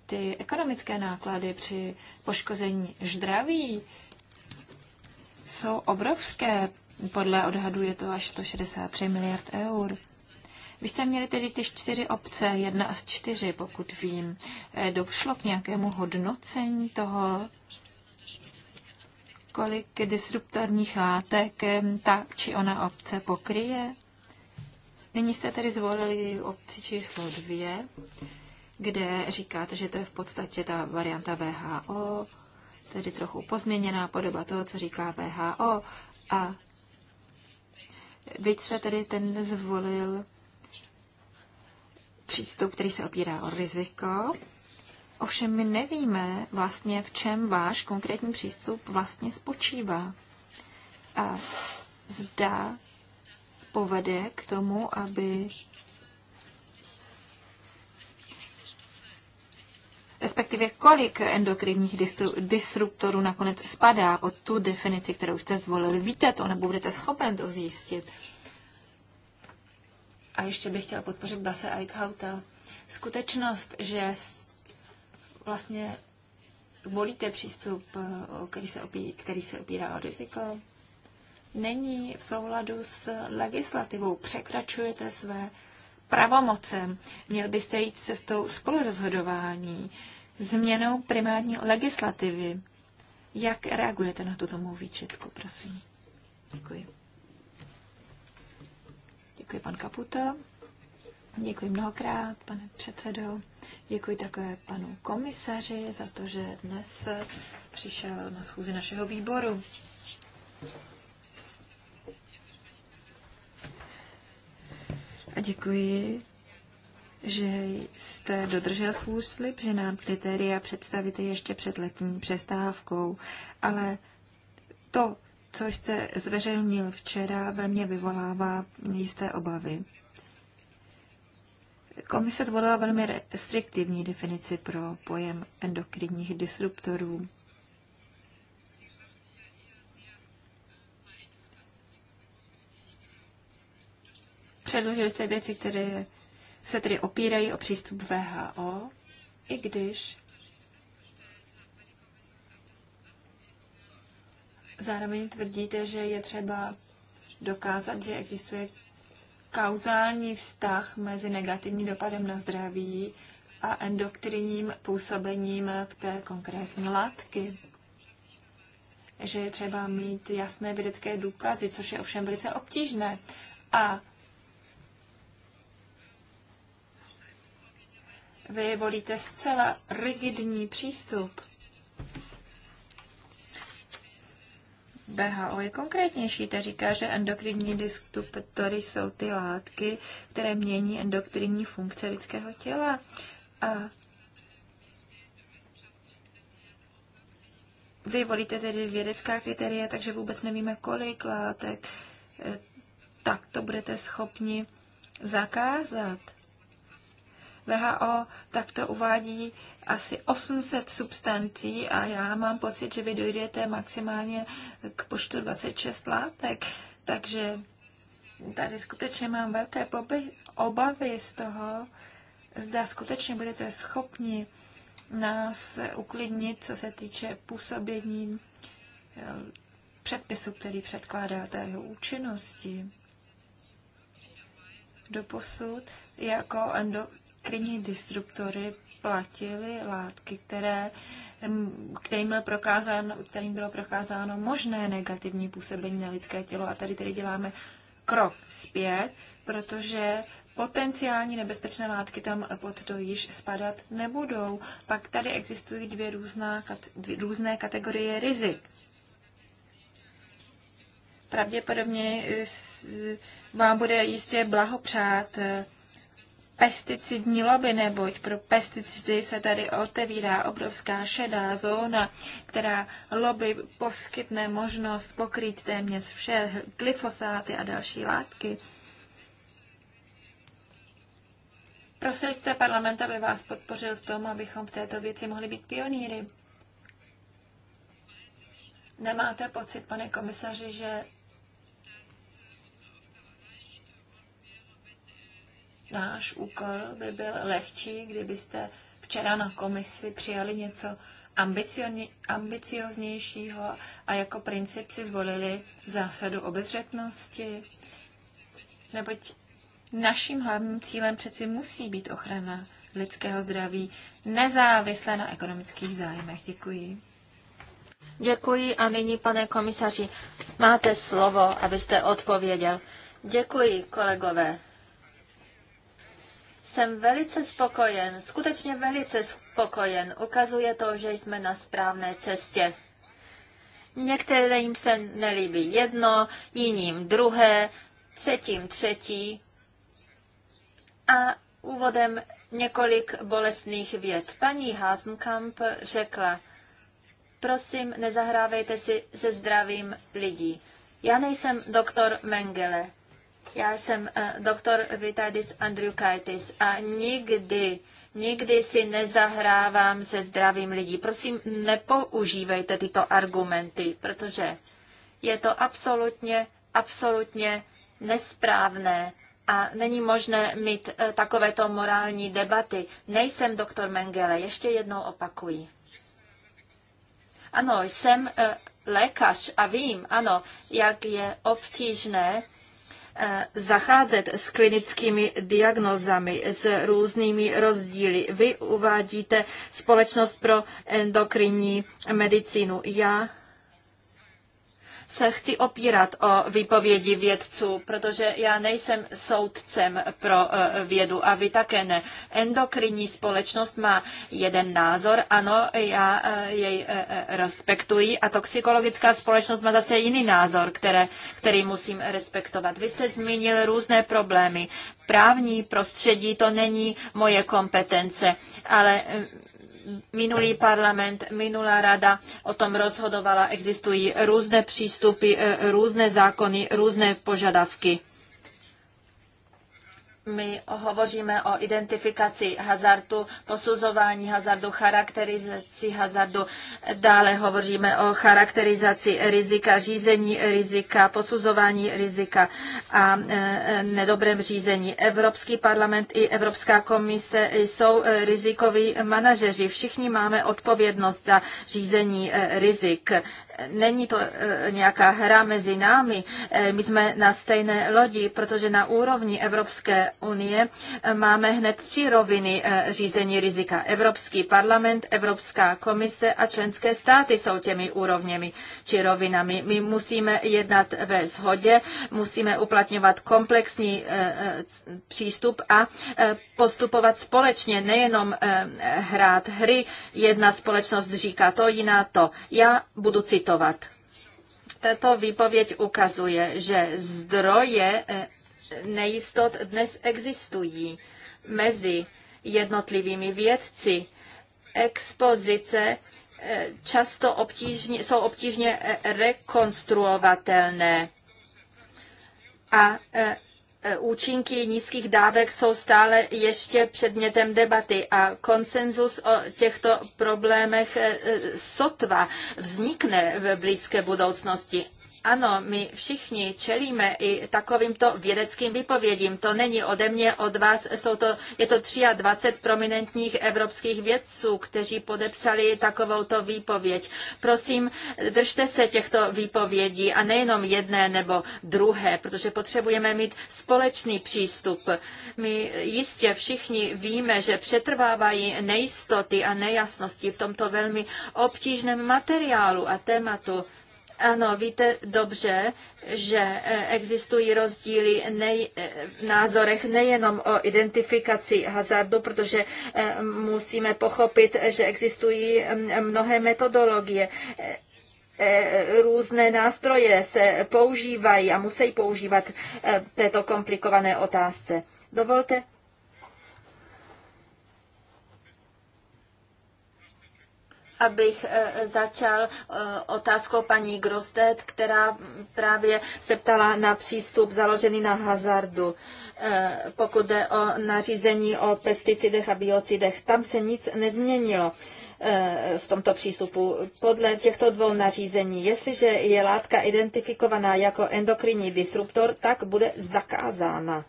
ty ekonomické náklady při poškození zdraví jsou obrovské. Podle odhadu je to až 163 miliard eur. Vy jste měli tedy ty čtyři obce, jedna z čtyři, pokud vím. Eh, došlo k nějakému hodnocení toho, kolik disruptorních látek ta či ona obce pokryje? Nyní jste tedy zvolili obci číslo dvě, kde říkáte, že to je v podstatě ta varianta VHO, tedy trochu pozměněná podoba toho, co říká VHO. A vy jste tedy ten zvolil přístup, který se opírá o riziko, Ovšem my nevíme vlastně, v čem váš konkrétní přístup vlastně spočívá. A zda povede k tomu, aby respektive kolik endokrinních disruptorů nakonec spadá pod tu definici, kterou jste zvolili. Víte to, nebo budete schopen to zjistit? A ještě bych chtěla podpořit Base Eichhauta. Skutečnost, že vlastně volíte přístup, eh, který se, opí, který se opírá o riziko, není v souladu s legislativou, překračujete své pravomoce. Měl byste jít cestou spolurozhodování, změnou primární legislativy. Jak reagujete na tuto mou výčetku, prosím? Děkuji. Děkuji, pan Kaputo. Děkuji mnohokrát, pane předsedo. Děkuji také panu komisaři za to, že dnes přišel na schůzi našeho výboru. A děkuji, že jste dodržel svůj slib, že nám kritéria představíte ještě před letní přestávkou. Ale to, co jste zveřejnil včera, ve mně vyvolává jisté obavy. Komise zvolila velmi restriktivní definici pro pojem endokrinních disruptorů. Předložili jste věci, které se tedy opírají o přístup VHO, i když zároveň tvrdíte, že je třeba dokázat, že existuje kauzální vztah mezi negativním dopadem na zdraví a endokrinním působením k té konkrétní látky. Že je třeba mít jasné vědecké důkazy, což je ovšem velice obtížné. A vy volíte zcela rigidní přístup BHO je konkrétnější. Ta říká, že endokrinní disruptory jsou ty látky, které mění endokrinní funkce lidského těla. A vy volíte tedy vědecká kritéria, takže vůbec nevíme, kolik látek eh, tak to budete schopni zakázat. VHO takto uvádí asi 800 substancí a já mám pocit, že vy dojdete maximálně k poštu 26 látek. Takže tady skutečně mám velké poby, obavy z toho, zda skutečně budete schopni nás uklidnit, co se týče působení eh, předpisu, který předkládáte, jeho účinnosti. Doposud jako endo, klidní disruptory platili látky, které, kterým, byl prokázáno, kterým bylo prokázáno možné negativní působení na lidské tělo. A tady tedy děláme krok zpět, protože potenciální nebezpečné látky tam pod to již spadat nebudou. Pak tady existují dvě různá, dvě různé kategorie rizik. Pravděpodobně vám bude jistě blahopřát eh, pesticidní lobby, neboť pro pesticidy se tady otevírá obrovská šedá zóna, která lobby poskytne možnost pokrýt téměř vše glyfosáty a další látky. Prosili jste parlament, aby vás podpořil v tom, abychom v této věci mohli být pionýry. Nemáte pocit, pane komisaři, že náš úkol by byl lehčí, kdybyste včera na komisi přijali něco ambicioznějšího a jako princip si zvolili zásadu obezřetnosti, neboť naším hlavním cílem přeci musí být ochrana lidského zdraví nezávisle na ekonomických zájmech. Děkuji. Děkuji a nyní, pane komisaři, máte slovo, abyste odpověděl. Děkuji, kolegové. Jsem velice spokojen, skutečně velice spokojen. Ukazuje to, že jsme na správné cestě. Některým se nelíbí jedno, jiným druhé, třetím třetí. A úvodem několik bolestných věd. Paní Hasenkamp řekla, prosím, nezahrávejte si se zdravím lidí. Já nejsem doktor Mengele. Já jsem eh, doktor Vitadis Andriukaitis a nikdy, nikdy si nezahrávám se zdravím lidí. Prosím, nepoužívejte tyto argumenty, protože je to absolutně, absolutně nesprávné a není možné mít eh, takovéto morální debaty. Nejsem doktor Mengele, ještě jednou opakuji. Ano, jsem eh, lékař a vím, ano, jak je obtížné Eh, zacházet s klinickými diagnozami, s různými rozdíly. Vy uvádíte společnost pro endokrinní medicínu. Já se chci opírat o výpovědi vědců, protože já nejsem soudcem pro e, vědu a vy také ne. Endokrinní společnost má jeden názor, ano, já e, jej e, respektuji a toxikologická společnost má zase jiný názor, které, který musím respektovat. Vy jste zmínil různé problémy. Právní prostředí to není moje kompetence, ale minulý parlament, minulá rada o tom rozhodovala. Existují různé přístupy, e, různé zákony, různé požadavky. My hovoříme o identifikaci hazardu, posuzování hazardu, charakterizaci hazardu. Dále hovoříme o charakterizaci rizika, řízení rizika, posuzování rizika a e, nedobrém řízení. Evropský parlament i Evropská komise jsou e, rizikoví manažeři. Všichni máme odpovědnost za řízení e, rizik není to e, nějaká hra mezi námi. E, my jsme na stejné lodi, protože na úrovni Evropské unie e, máme hned tři roviny řízení rizika. Evropský parlament, Evropská komise a členské státy jsou těmi úrovněmi či rovinami. My musíme jednat ve shodě, musíme uplatňovat komplexní přístup a postupovat společně, nejenom hrát hry. Jedna společnost říká to, jiná to. Já budu citovat citovat. Tato výpověď ukazuje, že zdroje eh, nejistot dnes existují mezi jednotlivými vědci. Expozice eh, často obtížně, jsou obtížně eh, rekonstruovatelné a Eh, účinky nízkých dávek jsou stále ještě předmětem debaty a konsenzus o těchto problémech eh, eh, sotva vznikne v blízké budoucnosti. Ano, my všichni čelíme i takovýmto vědeckým vypovědím. To není ode mě, od vás. Jsou to, je to 23 prominentních evropských vědců, kteří podepsali takovouto výpověď. Prosím, držte se těchto výpovědí a nejenom jedné nebo druhé, protože potřebujeme mít společný přístup. My jistě všichni víme, že přetrvávají nejistoty a nejasnosti v tomto velmi obtížném materiálu a tématu. Ano, víte dobře, že e, existují rozdíly nej, e, v názorech nejenom o identifikaci hazardu, protože e, musíme pochopit, že existují mnohé metodologie různé nástroje se používají a musí používat této komplikované otázce. Dovolte abych eh, začal eh, otázkou paní Grostet, která právě se ptala na přístup založený na hazardu, eh, pokud jde o nařízení o pesticidech a biocidech. Tam se nic nezměnilo v tomto přístupu. Podle těchto dvou nařízení, jestliže je látka identifikovaná jako endokrinní disruptor, tak bude zakázána.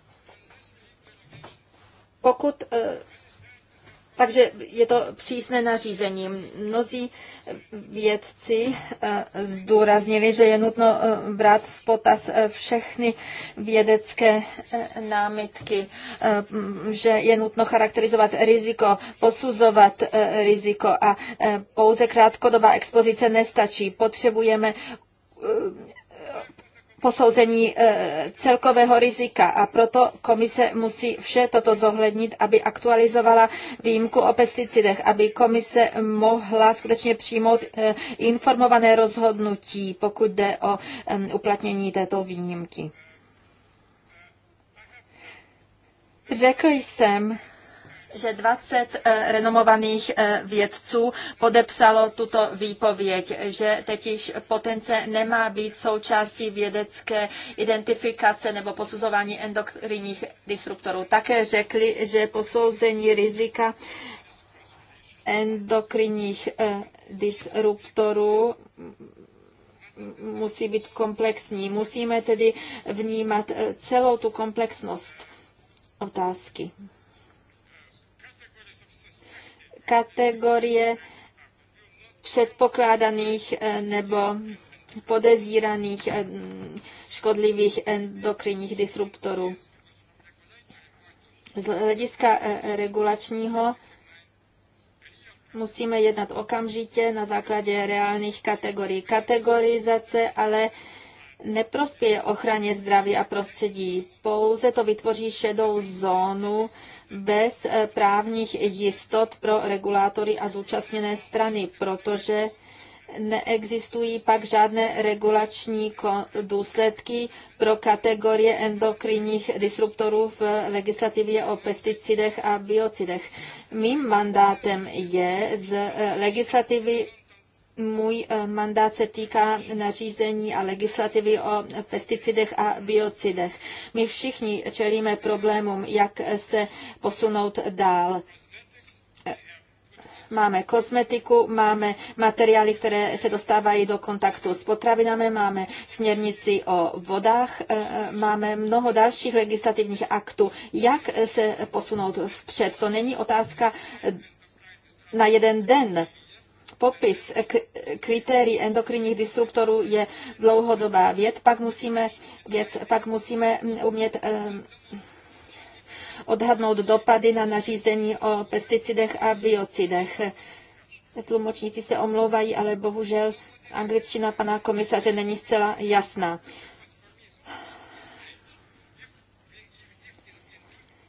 Pokud takže je to přísné nařízení. Mnozí vědci eh, zdůraznili, že je nutno eh, brát v potaz eh, všechny vědecké námitky, že je nutno charakterizovat riziko, posuzovat riziko a pouze krátkodobá expozice nestačí. Potřebujeme posouzení eh, celkového rizika a proto komise musí vše toto zohlednit, aby aktualizovala výjimku o pesticidech, aby komise mohla skutečně přijmout eh, informované rozhodnutí, pokud jde o uplatnění této výjimky. Řekl jsem, že 20 eh, renomovaných eh, vědců podepsalo tuto výpověď, že tetiž potence nemá být součástí vědecké identifikace nebo posuzování endokrinních disruptorů. Také řekli, že posouzení rizika endokrinních eh, disruptorů musí být komplexní. Musíme tedy vnímat celou tu komplexnost otázky kategorie předpokládaných eh, nebo podezíraných eh, škodlivých endokrinních disruptorů. Z hlediska eh, regulačního musíme jednat okamžitě na základě reálných kategorií. Kategorizace ale neprospěje ochraně zdraví a prostředí. Pouze to vytvoří šedou zónu bez eh, právních jistot pro regulátory a zúčastněné strany, protože neexistují pak žádné regulační důsledky pro kategorie endokrinních disruptorů v legislativě o pesticidech a biocidech. Mým mandátem je z eh, legislativy můj eh, mandát se týká nařízení a legislativy o pesticidech a biocidech. My všichni čelíme problémům, jak se posunout dál máme kosmetiku, máme materiály, které se dostávají do kontaktu s potravinami, máme směrnici o vodách, eh, máme mnoho dalších legislativních aktů. Jak se posunout vpřed? To není otázka na jeden den popis kritérií endokrinních disruptorů je dlouhodobá věc, pak musíme, věc, pak musíme mm, umět odhadnout dopady na nařízení o pesticidech a biocidech. Tlumočníci se omlouvají, ale bohužel angličtina pana komisaře není zcela jasná.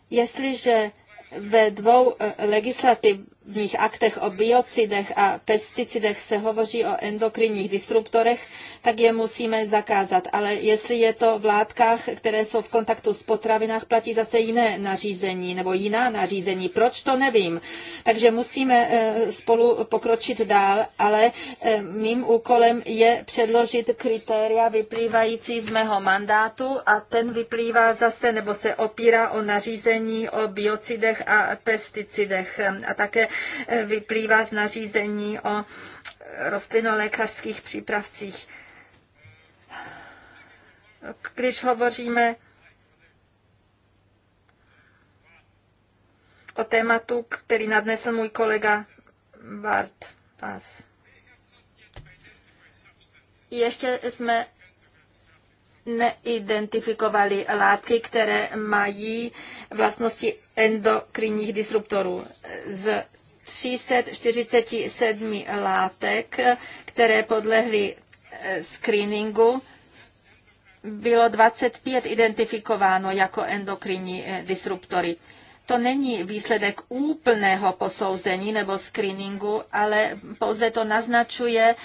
Jestliže ve dvou eh, legislativ, legislativních aktech o biocidech a pesticidech se hovoří o endokrinních disruptorech, tak je musíme zakázat. Ale jestli je to v látkách, které jsou v kontaktu s potravinách, platí zase jiné nařízení nebo jiná nařízení. Proč to nevím? Takže musíme eh, spolu pokročit dál, ale eh, mým úkolem je předložit kritéria vyplývající z mého mandátu a ten vyplývá zase nebo se opírá o nařízení o biocidech a pesticidech a také vyplývá z nařízení o rostlinolékařských přípravcích. Když hovoříme o tématu, který nadnesl můj kolega Bart Pass. Ještě jsme neidentifikovali látky, které mají vlastnosti endokrinních disruptorů. Z 347 látek, které podlehly eh, screeningu, bylo 25 identifikováno jako endokrinní eh, disruptory. To není výsledek úplného posouzení nebo screeningu, ale pouze to naznačuje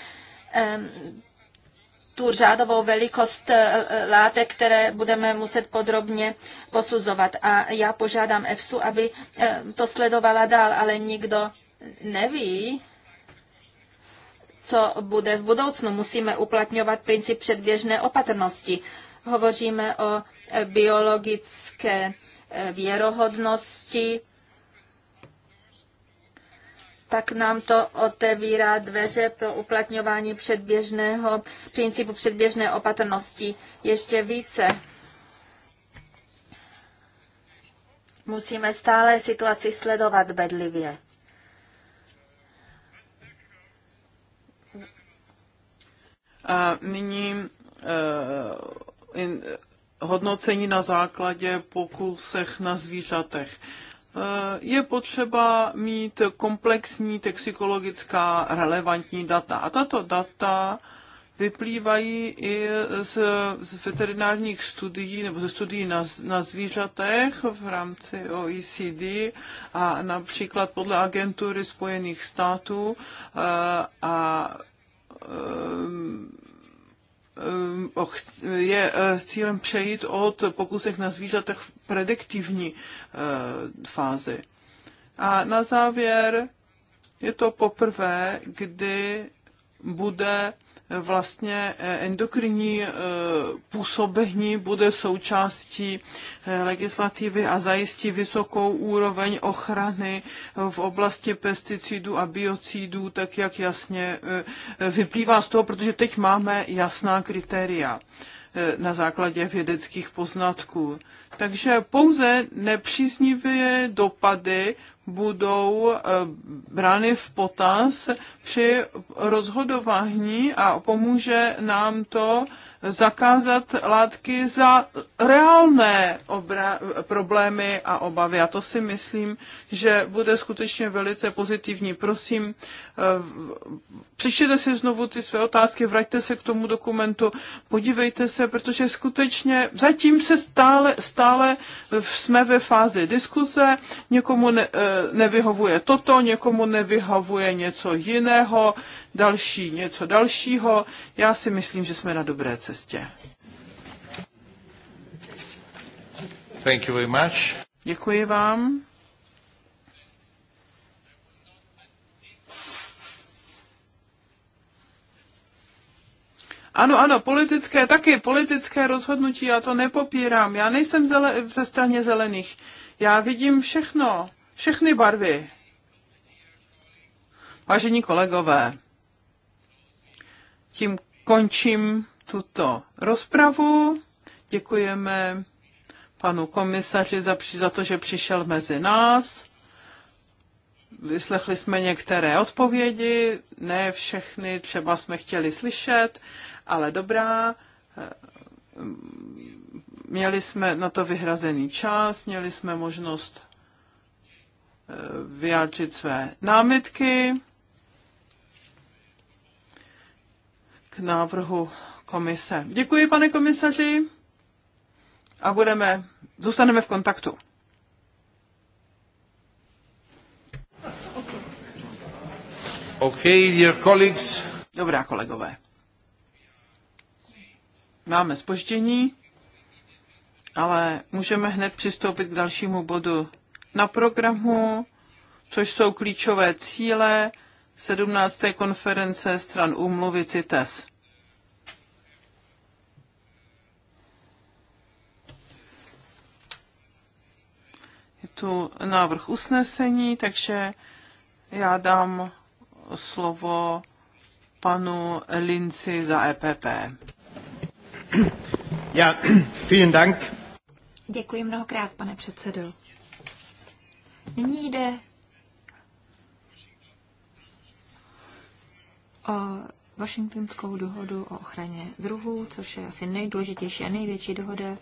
ehm, tu řádovou velikost eh, eh, látek, které budeme muset podrobně posuzovat. A já požádám EFSU, aby eh, to sledovala dál, ale nikdo neví, co bude v budoucnu. Musíme uplatňovat princip předběžné opatrnosti. Hovoříme o biologické věrohodnosti tak nám to otevírá dveře pro uplatňování předběžného principu předběžné opatrnosti ještě více. Musíme stále situaci sledovat bedlivě. A nyní uh, in, hodnocení na základě pokusech na zvířatech. Eh, je potřeba mít komplexní toxikologická relevantní data. A tato data vyplývají i z, z veterinárních studií nebo ze studií na, na zvířatech v rámci OECD a například podle agentury Spojených států eh, a, a eh, Eh, je eh, cílem přejít od pokusech na zvířatech v prediktivní eh, fázi. A na závěr je to poprvé, kdy bude vlastně eh, endokrinní eh, působení bude součástí eh, legislativy a zajistí vysokou úroveň ochrany v oblasti pesticidů a biocidů, tak jak jasně vyplývá z toho, protože teď máme jasná kritéria na základě vědeckých poznatků. Takže pouze nepříznivé dopady budou eh, brány v potaz při rozhodování a pomůže nám to zakázat látky za reálné problémy a obavy. A to si myslím, že bude skutečně velice pozitivní. Prosím, eh, přečtěte si znovu ty své otázky, vraťte se k tomu dokumentu, podívejte se, protože skutečně zatím se stále, stále stále jsme ve fázi diskuze, někomu ne, e, nevyhovuje toto, někomu nevyhovuje něco jiného, další něco dalšího. Já si myslím, že jsme na dobré cestě. Thank you very much. Děkuji vám. Ano, ano, politické, taky politické rozhodnutí, já to nepopírám. Já nejsem zele, ve straně zelených. Já vidím všechno, všechny barvy. Vážení kolegové, tím končím tuto rozpravu. Děkujeme panu komisaři za, za to, že přišel mezi nás. Vyslechli jsme některé odpovědi, ne všechny třeba jsme chtěli slyšet, ale dobrá. Eh, měli jsme na to vyhrazený čas, měli jsme možnost eh, vyjádřit své námitky k návrhu komise. Děkuji, pane komisaři, a budeme, zůstaneme v kontaktu. Okay, dear colleagues. Dobrá, kolegové. Máme spoždění, ale můžeme hned přistoupit k dalšímu bodu na programu, což jsou klíčové cíle 17. konference stran úmluvy CITES. Je tu návrh usnesení, takže já dám slovo panu Linci za EPP. Ja, vielen Dank. Děkuji mnohokrát, pane předsedo. Nyní jde o Washingtonskou dohodu o ochraně druhů, což je asi nejdůležitější a největší dohoda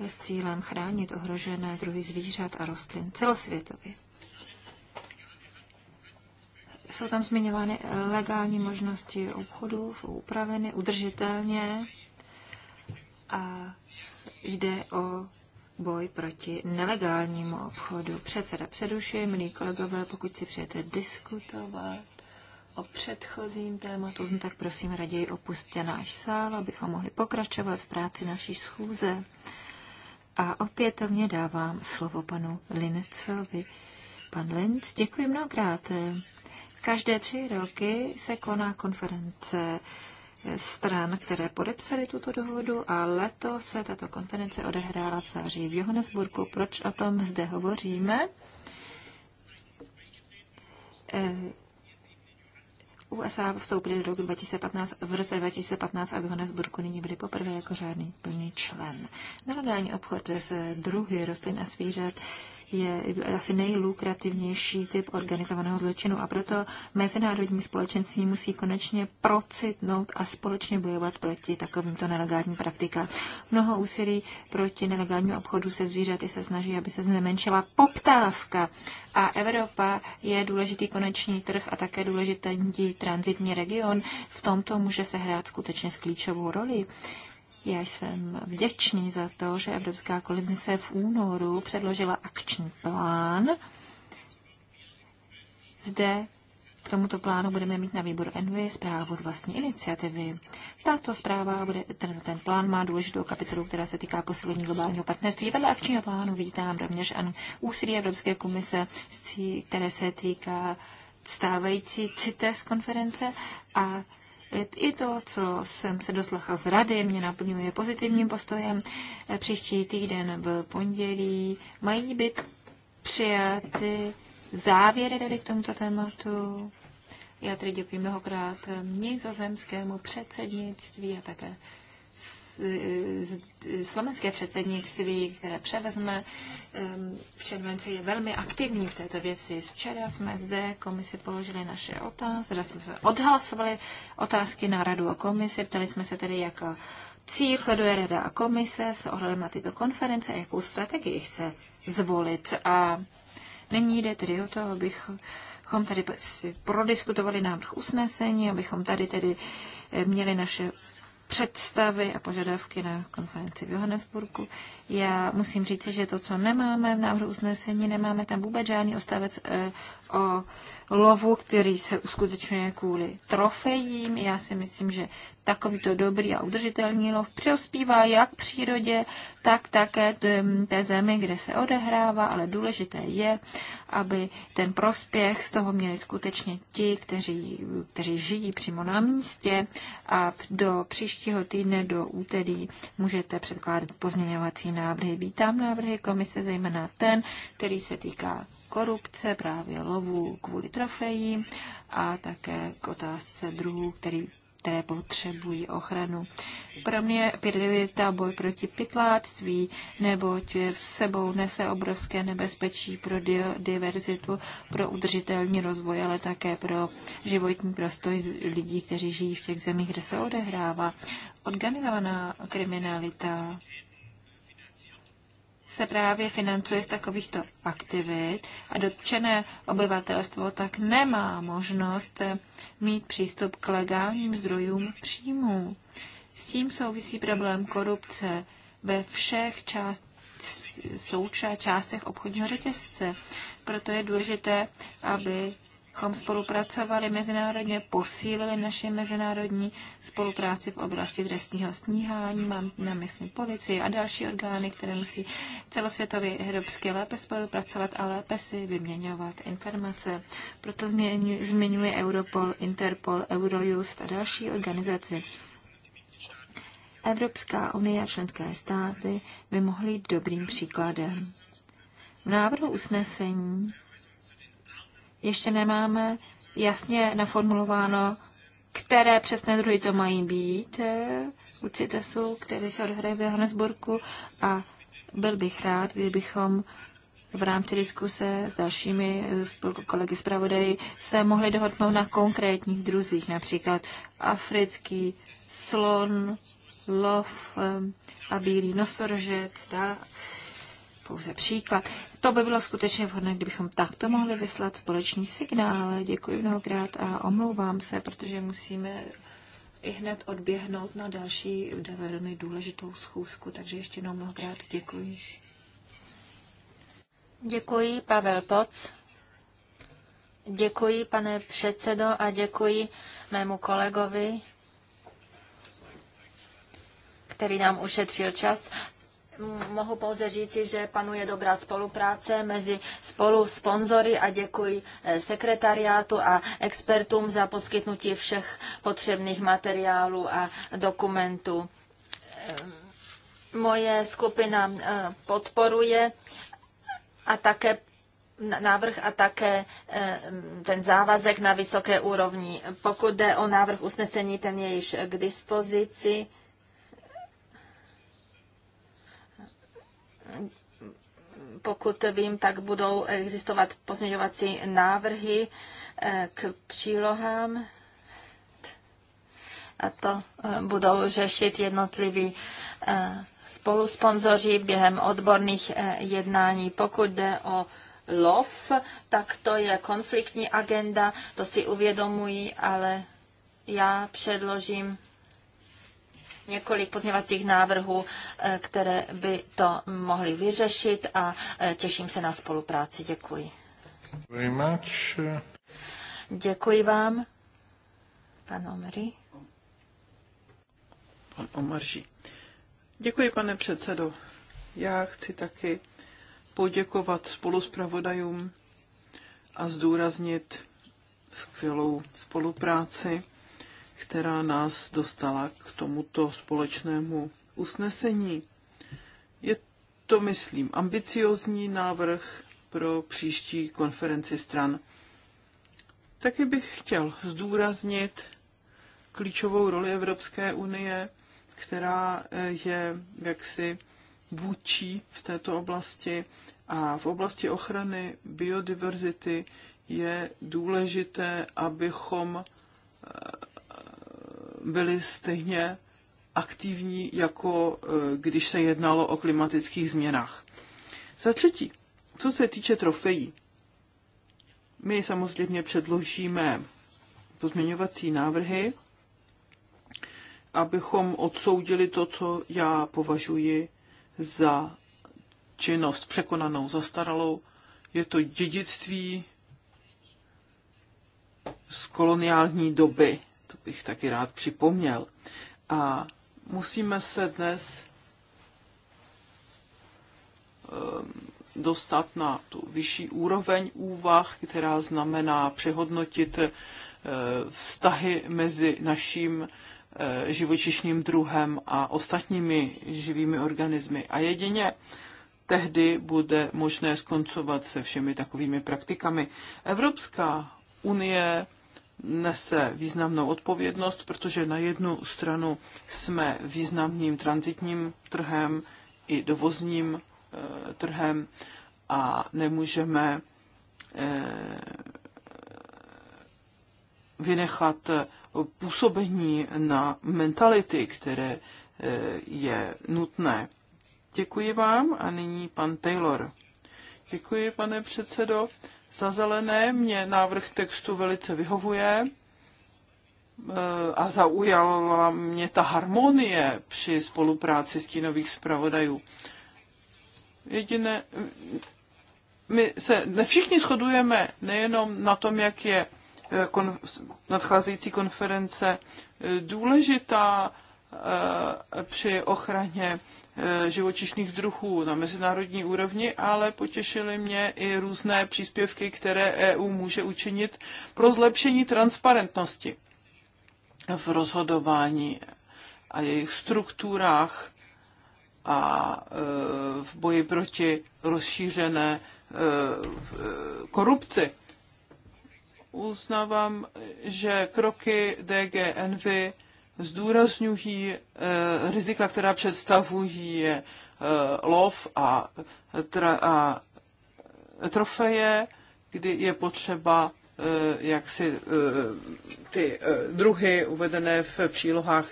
s cílem chránit ohrožené druhy zvířat a rostlin celosvětově. Jsou tam zmiňovány eh, legální možnosti obchodu, jsou upraveny udržitelně a jde o boj proti nelegálnímu obchodu. Předseda předušuje, milí kolegové, pokud si přijete diskutovat o předchozím tématu, no tak prosím raději opustě náš sál, abychom mohli pokračovat v práci naší schůze. A opětovně dávám slovo panu Lincovi. Pan Linc, děkuji mnohokrát. Každé tři roky se koná konference stran, které podepsaly tuto dohodu a letos se tato konference odehrála v září v Johannesburgu. Proč o tom zde hovoříme? Eh, USA vstoupily do roku 2015, v roce 2015 a v Johannesburgu nyní byly poprvé jako řádný plný člen. Nelegální obchod s druhy rostlin a zvířat je asi nejlukrativnější typ organizovaného zločinu a proto mezinárodní společenství musí konečně procitnout a společně bojovat proti takovýmto nelegálním praktikám. Mnoho úsilí proti nelegálnímu obchodu se zvířaty se snaží, aby se zmenšila poptávka a Evropa je důležitý koneční trh a také důležitý tranzitní region. V tomto může se hrát skutečně s klíčovou roli. Já jsem vděčný za to, že Evropská komise v únoru předložila akční plán. Zde k tomuto plánu budeme mít na výboru Envy zprávu z vlastní iniciativy. Tato zpráva, bude, ten, ten plán má důležitou kapitolu, která se týká posílení globálního partnerství. Vedle akčního plánu vítám rovněž an, úsilí Evropské komise, které se týká stávající CITES konference a i to, co jsem se doslechla z rady, mě naplňuje pozitivním postojem. E, příští týden v pondělí mají být přijaty závěry rady k tomuto tématu. Já tedy děkuji mnohokrát nizozemskému předsednictví a také slovenské předsednictví, které převezme v červenci, je velmi aktivní v této věci. Včera jsme zde komisi položili naše otázky, teda jsme se odhlasovali otázky na radu a komisi, ptali jsme se tedy, jak cíl sleduje rada a komise s ohledem na tyto konference a jakou strategii chce zvolit. A nyní jde tedy o to, abych abychom tady prodiskutovali návrh usnesení, abychom tady tedy měli naše představy a požadavky na konferenci v Johannesburgu. Já musím říct, že to, co nemáme v návrhu usnesení, nemáme tam vůbec žádný ostavec eh, o lovu, který se uskutečňuje kvůli trofejím. Já si myslím, že takovýto dobrý a udržitelný lov přeospívá jak přírodě, tak také té zemi, kde se odehrává, ale důležité je, aby ten prospěch z toho měli skutečně ti, kteří, kteří žijí přímo na místě a do příštího týdne, do úterý můžete předkládat pozměňovací návrhy. Vítám návrhy komise, zejména ten, který se týká korupce, právě lovu kvůli trofeji a také k otázce druhů, který které potřebují ochranu. Pro mě priorita boj proti pytláctví, neboť v sebou nese obrovské nebezpečí pro diverzitu, pro udržitelný rozvoj, ale také pro životní prostor lidí, kteří žijí v těch zemích, kde se odehrává organizovaná kriminalita se právě financuje z takovýchto aktivit a dotčené obyvatelstvo tak nemá možnost eh, mít přístup k legálním zdrojům příjmů. S tím souvisí problém korupce ve všech část, součástech obchodního řetězce. Proto je důležité, aby abychom spolupracovali mezinárodně, posílili naše mezinárodní spolupráci v oblasti trestního stíhání, mám na mysli policii a další orgány, které musí celosvětově evropské lépe spolupracovat a lépe si vyměňovat informace. Proto zmiňuje Europol, Interpol, Eurojust a další organizace. Evropská unie a členské státy by mohly jít dobrým příkladem. V návrhu usnesení ještě nemáme jasně naformulováno, které přesné druhy to mají být eh, u CITESu, který se odhraje v Johannesburgu a byl bych rád, kdybychom v rámci diskuse s dalšími eh, kolegy zpravodaji se mohli dohodnout na konkrétních druzích, například africký slon, lov eh, a bílý nosorožec, dále pouze příklad. To by bylo skutečně vhodné, kdybychom takto mohli vyslat společný signál. Děkuji mnohokrát a omlouvám se, protože musíme i hned odběhnout na další velmi důležitou schůzku, takže ještě jednou mnohokrát děkuji. Děkuji, Pavel Poc. Děkuji, pane předsedo, a děkuji mému kolegovi, který nám ušetřil čas mohu pouze říci, že panuje dobrá spolupráce mezi spolu sponzory a děkuji eh, sekretariátu a expertům za poskytnutí všech potřebných materiálů a dokumentů. Eh, moje skupina eh, podporuje a také návrh a také ten závazek na vysoké úrovni. Pokud jde o návrh usnesení, ten je již k dispozici. pokud vím, tak budou existovat pozměňovací návrhy eh, k přílohám a to eh, budou řešit jednotliví eh, spolusponzoři během odborných jednání. Pokud jde o lov, tak to je konfliktní agenda, to si uvědomuji, ale já předložím několik pozměvacích návrhů, eh, které by to mohly vyřešit a eh, těším se na spolupráci. Děkuji. Very much. Děkuji vám, pan Omri. Pan Omarží. Děkuji, pane předsedo. Já chci taky poděkovat spolu s a zdůraznit skvělou spolupráci která nás dostala k tomuto společnému usnesení. Je to, myslím, ambiciozní návrh pro příští konferenci stran. Taky bych chtěl zdůraznit klíčovou roli Evropské unie, která eh, je jaksi vůči v této oblasti a v oblasti ochrany biodiverzity je důležité, abychom eh, byli stejně aktivní, jako e, když se jednalo o klimatických změnách. Za třetí, co se týče trofejí, my samozřejmě předložíme pozměňovací návrhy, abychom odsoudili to, co já považuji za činnost překonanou, zastaralou. Je to dědictví z koloniální doby to bych taky rád připomněl. A musíme se dnes ehm, dostat na tu vyšší úroveň úvah, která znamená přehodnotit eh, vztahy mezi naším eh, živočišným druhem a ostatními živými organismy. A jedině tehdy bude možné skoncovat se všemi takovými praktikami. Evropská unie nese významnou odpovědnost, protože na jednu stranu jsme významným transitním trhem i dovozním eh, trhem a nemůžeme eh, vynechat působení na mentality, které eh, je nutné. Děkuji vám a nyní pan Taylor. Děkuji, pane předsedo. Za zelené mě návrh textu velice vyhovuje e, a zaujala mě ta harmonie při spolupráci stínových zpravodajů. Jediné, my se ne všichni shodujeme nejenom na tom, jak je e, konf- nadcházející konference e, důležitá při ochraně Eh, živočišných druhů na mezinárodní úrovni, ale potěšily mě i různé příspěvky, které EU může učinit pro zlepšení transparentnosti v rozhodování a jejich strukturách a eh, v boji proti rozšířené eh, korupci. Uznávám, že kroky DGNV zdůrazňují eh, rizika, která představují eh, lov a, tra, a trofeje, kdy je potřeba eh, jak si ty druhy uvedené v přílohách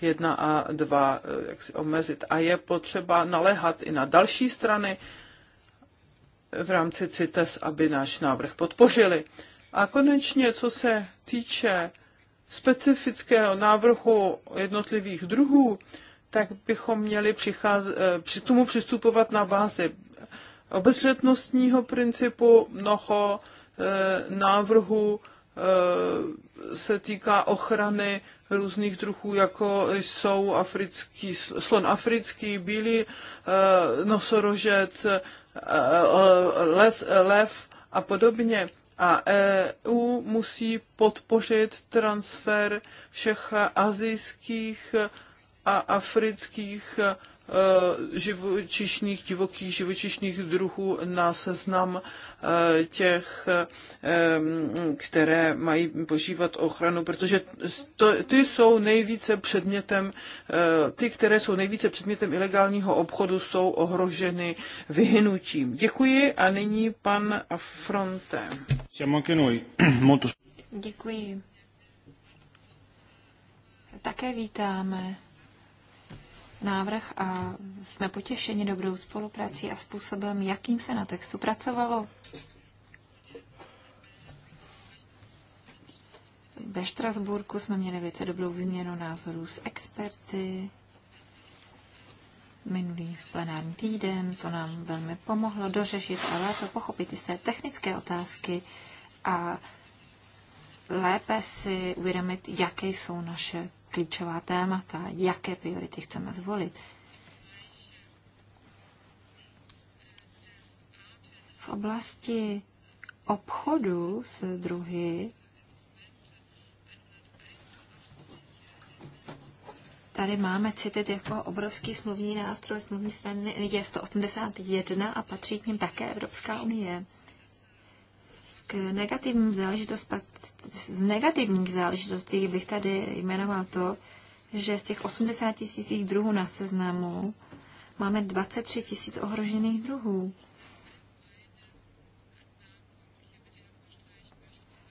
1 a 2 jak si omezit. A je potřeba naléhat i na další strany v rámci CITES, aby náš návrh podpořili. A konečně, co se týče specifického návrhu jednotlivých druhů, tak bychom měli eh, při tomu přistupovat na bázi obezřetnostního principu. Mnoho eh, návrhů eh, se týká ochrany různých druhů, jako jsou africký, slon africký, bílý nosorožec, les, lev a podobně a EU musí podpořit transfer všech azijských a afrických Eh, živočišných, divokých živočišných druhů na seznam eh, těch, eh, které mají požívat ochranu, protože to, ty jsou nejvíce předmětem, ty, které jsou nejvíce předmětem ilegálního obchodu, jsou ohroženy vyhnutím. Děkuji a nyní pan Fronte. Děkuji. Také vítáme návrh a jsme potěšeni dobrou spoluprací a způsobem, jakým se na textu pracovalo. Ve Štrasburku jsme měli velice dobrou výměnu názorů s experty. Minulý plenární týden to nám velmi pomohlo dořešit a lépe pochopit jisté technické otázky a lépe si uvědomit, jaké jsou naše klíčová témata, jaké priority chceme zvolit. V oblasti obchodu s druhy tady máme citit jako obrovský smluvní nástroj, smluvní strany je 181 a patří k ním také Evropská unie k negativním záležitostem, z negativních záležitostí bych tady jmenoval to, že z těch 80 tisíc druhů na seznamu máme 23 tisíc ohrožených druhů.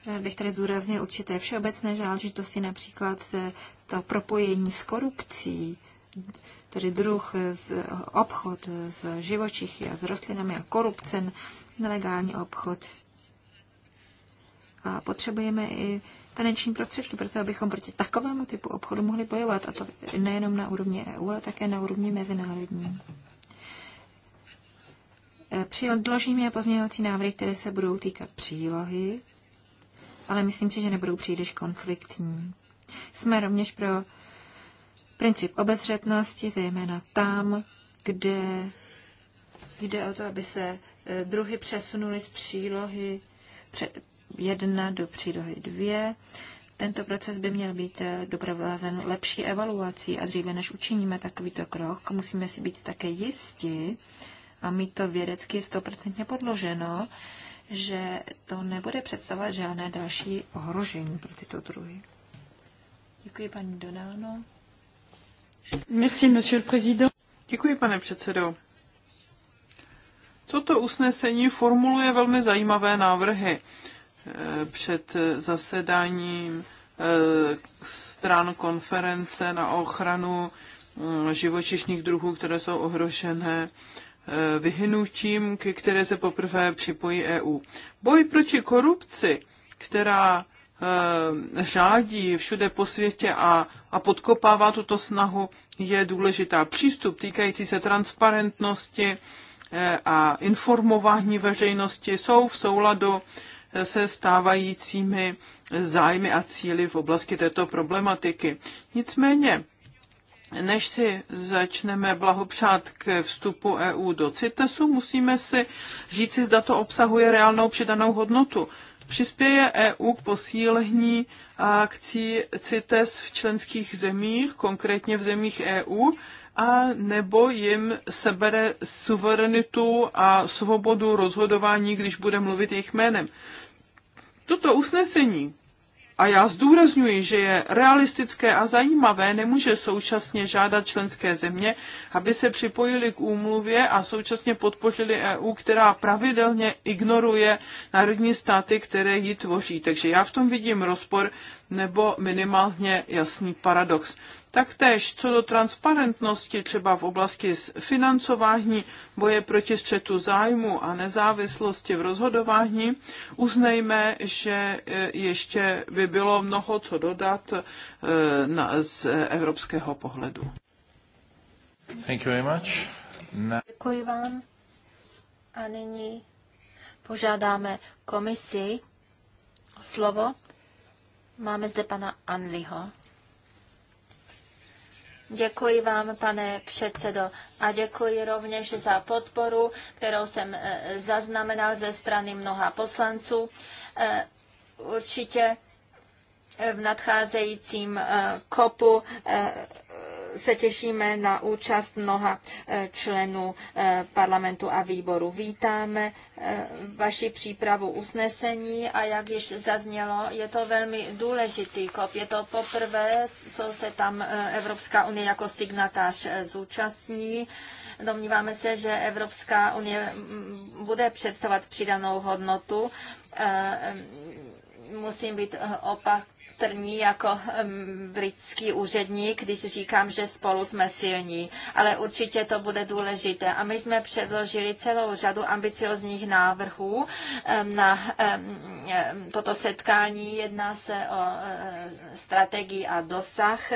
Rád bych tady zdůraznil určité všeobecné záležitosti, například se to propojení s korupcí, tedy druh z, obchod s živočichy a s rostlinami a korupce, nelegální obchod, a potřebujeme i finanční prostředky, proto abychom proti takovému typu obchodu mohli bojovat, a to nejenom na úrovni EU, ale také na úrovni mezinárodní. E, předložím je pozměňovací návrhy, které se budou týkat přílohy, ale myslím si, že nebudou příliš konfliktní. Jsme rovněž pro princip obezřetnosti, zejména tam, kde jde o to, aby se e, druhy přesunuly z přílohy 1 do přílohy 2. Tento proces by měl být eh, doprovázen lepší evaluací a dříve, než učiníme takovýto krok, musíme si být také jisti a mít to vědecky stoprocentně podloženo, že to nebude představovat žádné další ohrožení pro tyto druhy. Děkuji, paní Donáno. Merci, monsieur le président. Děkuji, pane předsedo. Toto usnesení formuluje velmi zajímavé návrhy před zasedáním eh, stran konference na ochranu mm, živočišních druhů, které jsou ohrožené eh, vyhnutím, ke které se poprvé připojí EU. Boj proti korupci, která eh, řádí všude po světě a, a podkopává tuto snahu, je důležitá. Přístup týkající se transparentnosti a informování veřejnosti jsou v souladu se stávajícími zájmy a cíly v oblasti této problematiky. Nicméně než si začneme blahopřát k vstupu EU do CITESu, musíme si říci, zda to obsahuje reálnou přidanou hodnotu. Přispěje EU k posílení akcí CITES v členských zemích, konkrétně v zemích EU, a nebo jim sebere suverenitu a svobodu rozhodování, když bude mluvit jejich jménem. Toto usnesení, a já zdůrazňuji, že je realistické a zajímavé, nemůže současně žádat členské země, aby se připojili k úmluvě a současně podpořili EU, která pravidelně ignoruje národní státy, které ji tvoří. Takže já v tom vidím rozpor nebo minimálně jasný paradox. Taktéž co do transparentnosti třeba v oblasti financování, boje proti střetu zájmu a nezávislosti v rozhodování, uznejme, že e, ještě by bylo mnoho co dodat e, z evropského pohledu. Thank you very much. Na... Děkuji vám. A nyní požádáme komisi slovo. Máme zde pana Anliho. Děkuji vám, pane předsedo, a děkuji rovněž za podporu, kterou jsem eh, zaznamenal ze strany mnoha poslanců. Eh, určitě v nadcházejícím eh, kopu se těšíme na účast mnoha eh, členů eh, parlamentu a výboru. Vítáme eh, vaši přípravu usnesení a jak již zaznělo, je to velmi důležitý kop. Je to poprvé, co se tam Evropská unie jako signatář zúčastní. Domníváme se, že Evropská unie mm, bude představovat přidanou hodnotu musím být opak trní jako britský úředník, když říkám, že spolu jsme silní, ale určitě to bude důležité. A my jsme předložili celou řadu ambiciozních návrhů na toto setkání. Jedná se o e, strategii a dosah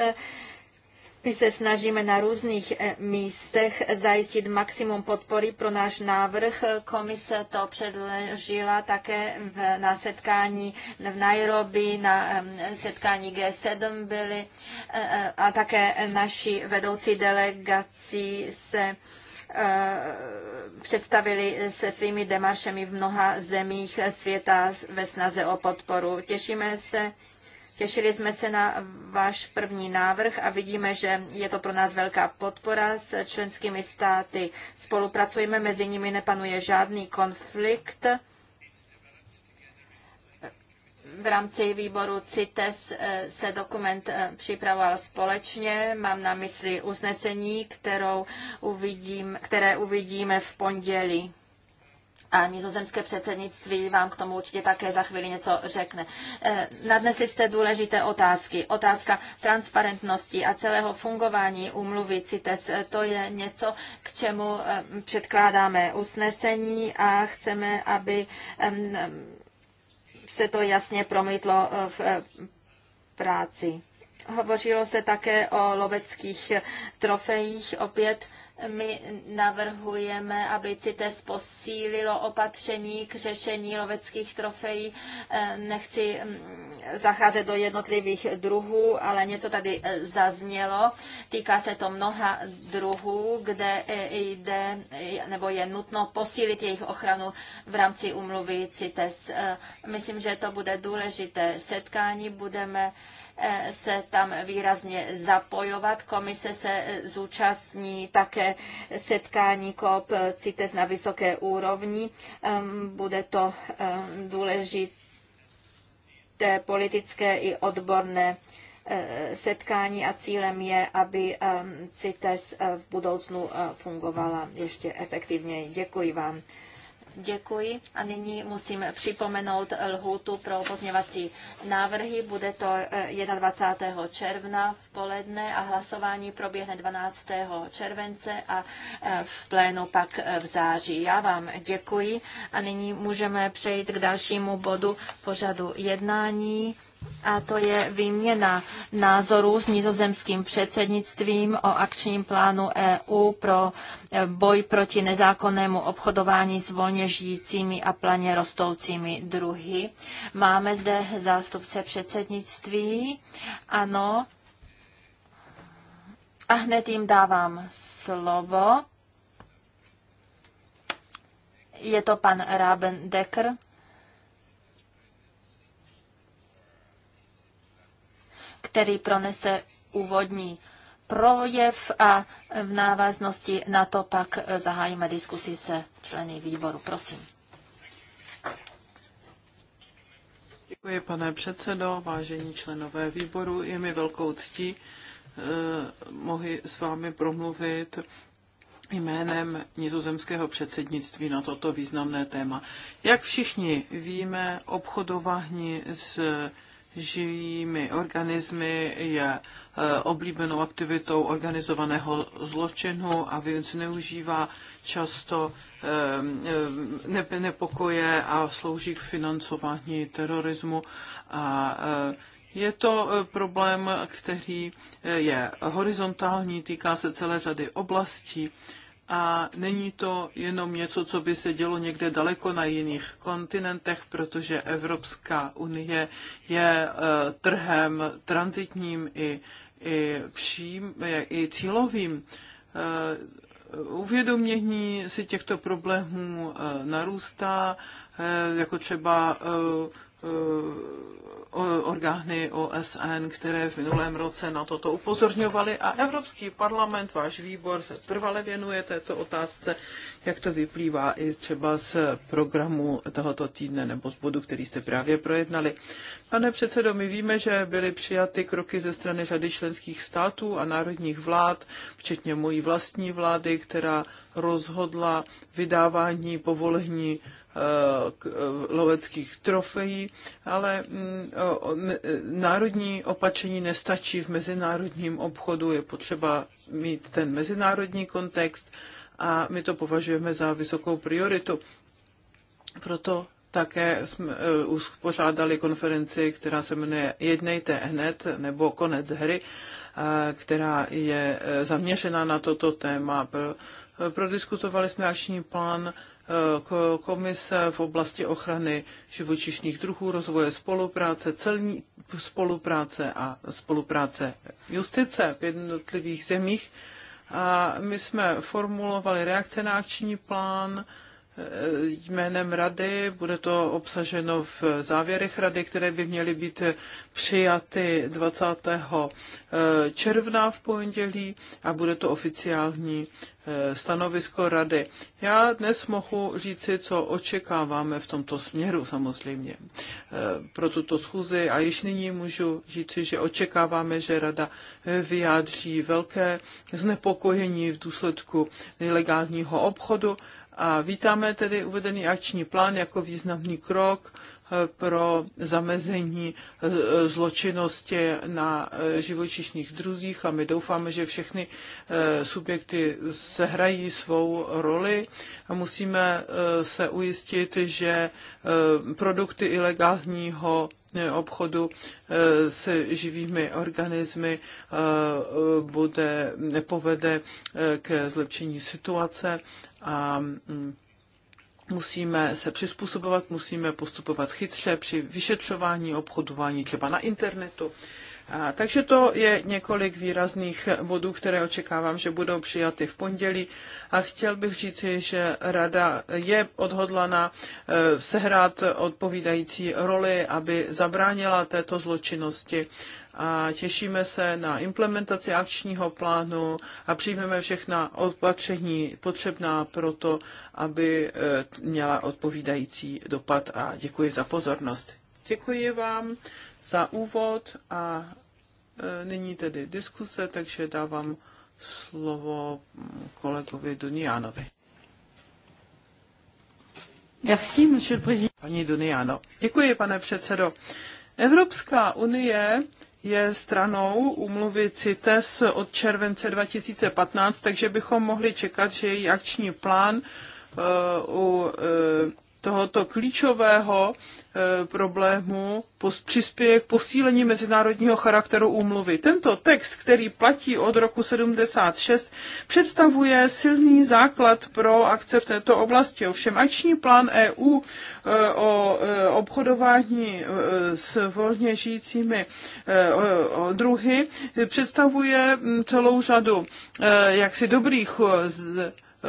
my se snažíme na různých eh, místech zajistit maximum podpory pro náš návrh. Komise to předložila také v, na setkání v Nairobi, na setkání G7 byly eh, eh, a také naši vedoucí delegací se představili se svými demaršemi v mnoha zemích světa ve snaze o podporu. Těšíme se Těšili jsme se na váš první návrh a vidíme, že je to pro nás velká podpora s členskými státy. Spolupracujeme, mezi nimi nepanuje žádný konflikt v rámci výboru CITES eh, se dokument eh, připravoval společně. Mám na mysli usnesení, kterou uvidím, které uvidíme v pondělí a nizozemské předsednictví vám k tomu určitě také za chvíli něco řekne. Eh, nadnesli jste důležité otázky. Otázka transparentnosti a celého fungování umluvy CITES, eh, to je něco, k čemu eh, předkládáme usnesení a chceme, aby se to jasně promítlo v práci. Hovořilo se také o loveckých trofejích opět my navrhujeme, aby CITES posílilo opatření k řešení loveckých trofejí. Eh, nechci mm, zacházet do jednotlivých druhů, ale něco tady eh, zaznělo. Týká se to mnoha druhů, kde eh, jde nebo je nutno posílit jejich ochranu v rámci umluvy CITES. Myslím, že to bude důležité setkání. Budeme se tam výrazně zapojovat. Komise se zúčastní také setkání COP CITES na vysoké úrovni. Bude to důležité politické i odborné e, setkání a cílem je, aby CITES e, v budoucnu e, fungovala ještě efektivněji. Děkuji vám. Děkuji a nyní musím připomenout lhůtu pro pozněvací návrhy. Bude to eh, 21. června v poledne a hlasování proběhne 12. července a eh, v plénu pak eh, v září. Já vám děkuji a nyní můžeme přejít k dalšímu bodu pořadu jednání a to je výměna názorů s nizozemským předsednictvím o akčním plánu EU pro eh, boj proti nezákonnému obchodování s volně žijícími a planě rostoucími druhy. Máme zde zástupce předsednictví. Ano. A hned jim dávám slovo. Je to pan Raben Decker který pronese úvodní projev a v návaznosti na to pak zahájíme diskusi se členy výboru. Prosím. Děkuji, pane předsedo, vážení členové výboru. Je mi velkou ctí, eh, mohy s vámi promluvit jménem nizozemského předsednictví na toto významné téma. Jak všichni víme, obchodování s eh, živými organismy je eh, oblíbenou aktivitou organizovaného zločinu a využívá často ehm, ehm, nepokoje a slouží k financování terorismu. A eh, je to eh, problém, který je horizontální, týká se celé řady oblastí a není to jenom něco, co by se dělo někde daleko na jiných kontinentech, protože Evropská unie je e, trhem transitním i, i, vším, i cílovým. E, uvědomění si těchto problémů e, narůstá, jako třeba Eh, orgány OSN, které v minulém roce na toto upozorňovaly a Evropský parlament, váš výbor se trvale věnuje této otázce jak to vyplývá i třeba z programu tohoto týdne nebo z bodu, který jste právě projednali. Pane předsedo, my víme, že byly přijaty kroky ze strany řady členských států a národních vlád, včetně mojí vlastní vlády, která rozhodla vydávání povolení eh, eh, loveckých trofejí, ale mm, eh, národní opatření nestačí v mezinárodním obchodu, je potřeba mít ten mezinárodní kontext a my to považujeme za vysokou prioritu. Proto také jsme e, pořádali konferenci, která se jmenuje Jednejte hned nebo Konec hry, e, která je e, zaměřena na toto téma. Prodiskutovali jsme akční plán komise v oblasti ochrany živočišných druhů, rozvoje spolupráce, celní spolupráce a spolupráce justice v jednotlivých zemích a my jsme formulovali reakce na akční plán jménem rady, bude to obsaženo v závěrech rady, které by měly být přijaty 20. Eh, června v pondělí a bude to oficiální eh, stanovisko rady. Já dnes mohu říci, co očekáváme v tomto směru samozřejmě eh, pro tuto schůzi a již nyní můžu říci, že očekáváme, že rada vyjádří velké znepokojení v důsledku nelegálního obchodu a vítáme tedy uvedený akční plán jako významný krok eh, pro zamezení eh, zločinnosti na eh, živočišných druzích a my doufáme, že všechny subjekty sehrají svou roli a musíme se ujistit, že produkty ilegálního obchodu se živými organismy bude, nepovede k zlepšení situace a mm, musíme se přizpůsobovat, musíme postupovat chytře při vyšetřování, obchodování třeba na internetu. A, takže to je několik výrazných bodů, které očekávám, že budou přijaty v pondělí. A chtěl bych říci, že Rada je odhodlana e, sehrát odpovídající roli, aby zabránila této zločinnosti a těšíme se na implementaci akčního plánu a přijmeme všechna opatření potřebná pro to, aby eh, měla odpovídající dopad a děkuji za pozornost. Děkuji vám za úvod a eh, nyní tedy diskuse, takže dávám slovo kolegovi Duniánovi. Merci, monsieur le président. Paní Duniano. Děkuji, pane předsedo. Evropská unie je stranou úmluvy CITES od července 2015, takže bychom mohli čekat, že její akční plán uh, u uh, tohoto klíčového eh, problému přispěje k posílení mezinárodního charakteru úmluvy. Tento text, který platí od roku 76, představuje silný základ pro akce v této oblasti. Ovšem akční plán EU eh, o eh, obchodování s volně žijícími druhy představuje mm, celou řadu jaksi dobrých z Eh,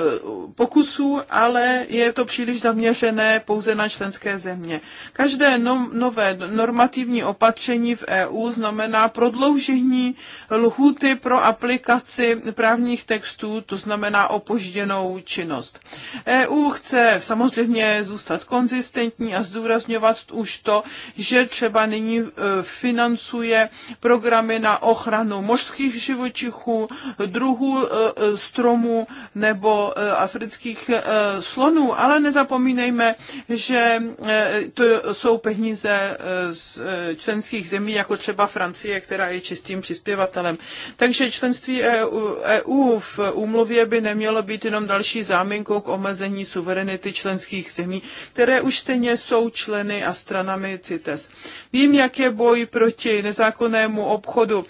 pokusů, ale je to příliš zaměřené pouze na členské země. Každé no, nové normativní opatření v EU znamená prodloužení lhuty pro aplikaci právních textů, to znamená opožděnou činnost. EU chce samozřejmě zůstat konzistentní a zdůrazňovat už to, že třeba nyní eh, financuje programy na ochranu mořských živočichů, druhů eh, stromů nebo Eh, afrických eh, slonů, ale nezapomínejme, že eh, to jsou peníze z členských zemí, jako třeba Francie, která je čistým přispěvatelem. Takže členství EU, EU v úmluvě by nemělo být jenom další záminkou k omezení suverenity členských zemí, které už stejně jsou členy a stranami CITES. Vím, jak je boj proti nezákonnému obchodu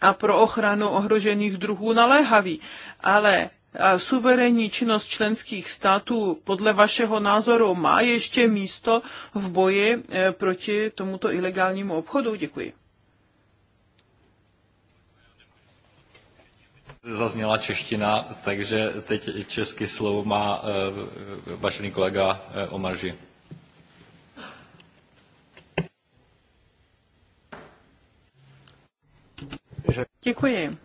a pro ochranu ohrožených druhů naléhavý, ale suverénní činnost členských států podle vašeho názoru má ještě místo v boji eh, proti tomuto ilegálnímu obchodu? Děkuji. Zazněla čeština, takže teď český slovo má eh, vašený kolega eh, Omarži. Děkuji.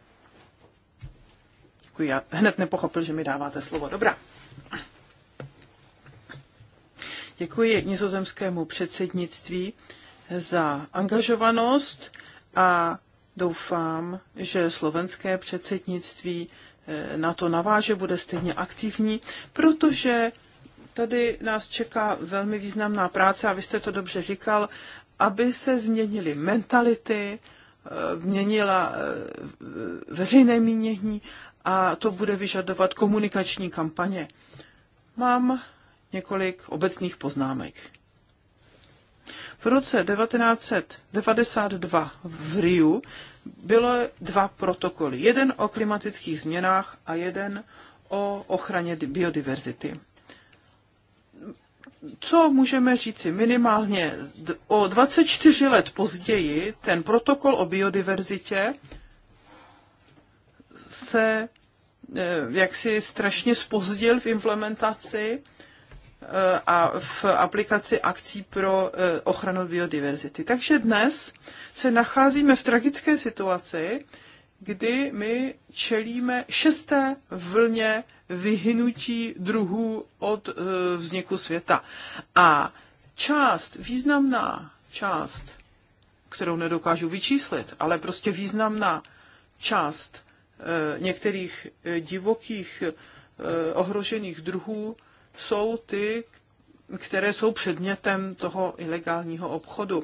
Děkuji, já hned nepochopil, že mi dáváte slovo. Dobrá. Děkuji nizozemskému předsednictví za angažovanost a doufám, že slovenské předsednictví eh, na to naváže, bude stejně aktivní, protože tady nás čeká velmi významná práce, a vy jste to dobře říkal, aby se změnily mentality, eh, měnila eh, veřejné mínění a to bude vyžadovat komunikační kampaně. Mám několik obecných poznámek. V roce 1992 v Riu bylo dva protokoly. Jeden o klimatických změnách a jeden o ochraně biodiverzity. Co můžeme říci minimálně o 24 let později, ten protokol o biodiverzitě se Eh, jaksi strašně spozdil v implementaci eh, a v aplikaci akcí pro eh, ochranu biodiverzity. Takže dnes se nacházíme v tragické situaci, kdy my čelíme šesté vlně vyhynutí druhů od vzniku světa. A část, významná část, kterou nedokážu vyčíslit, ale prostě významná část Eh, některých eh, divokých eh, ohrožených druhů jsou ty, které jsou předmětem toho ilegálního obchodu.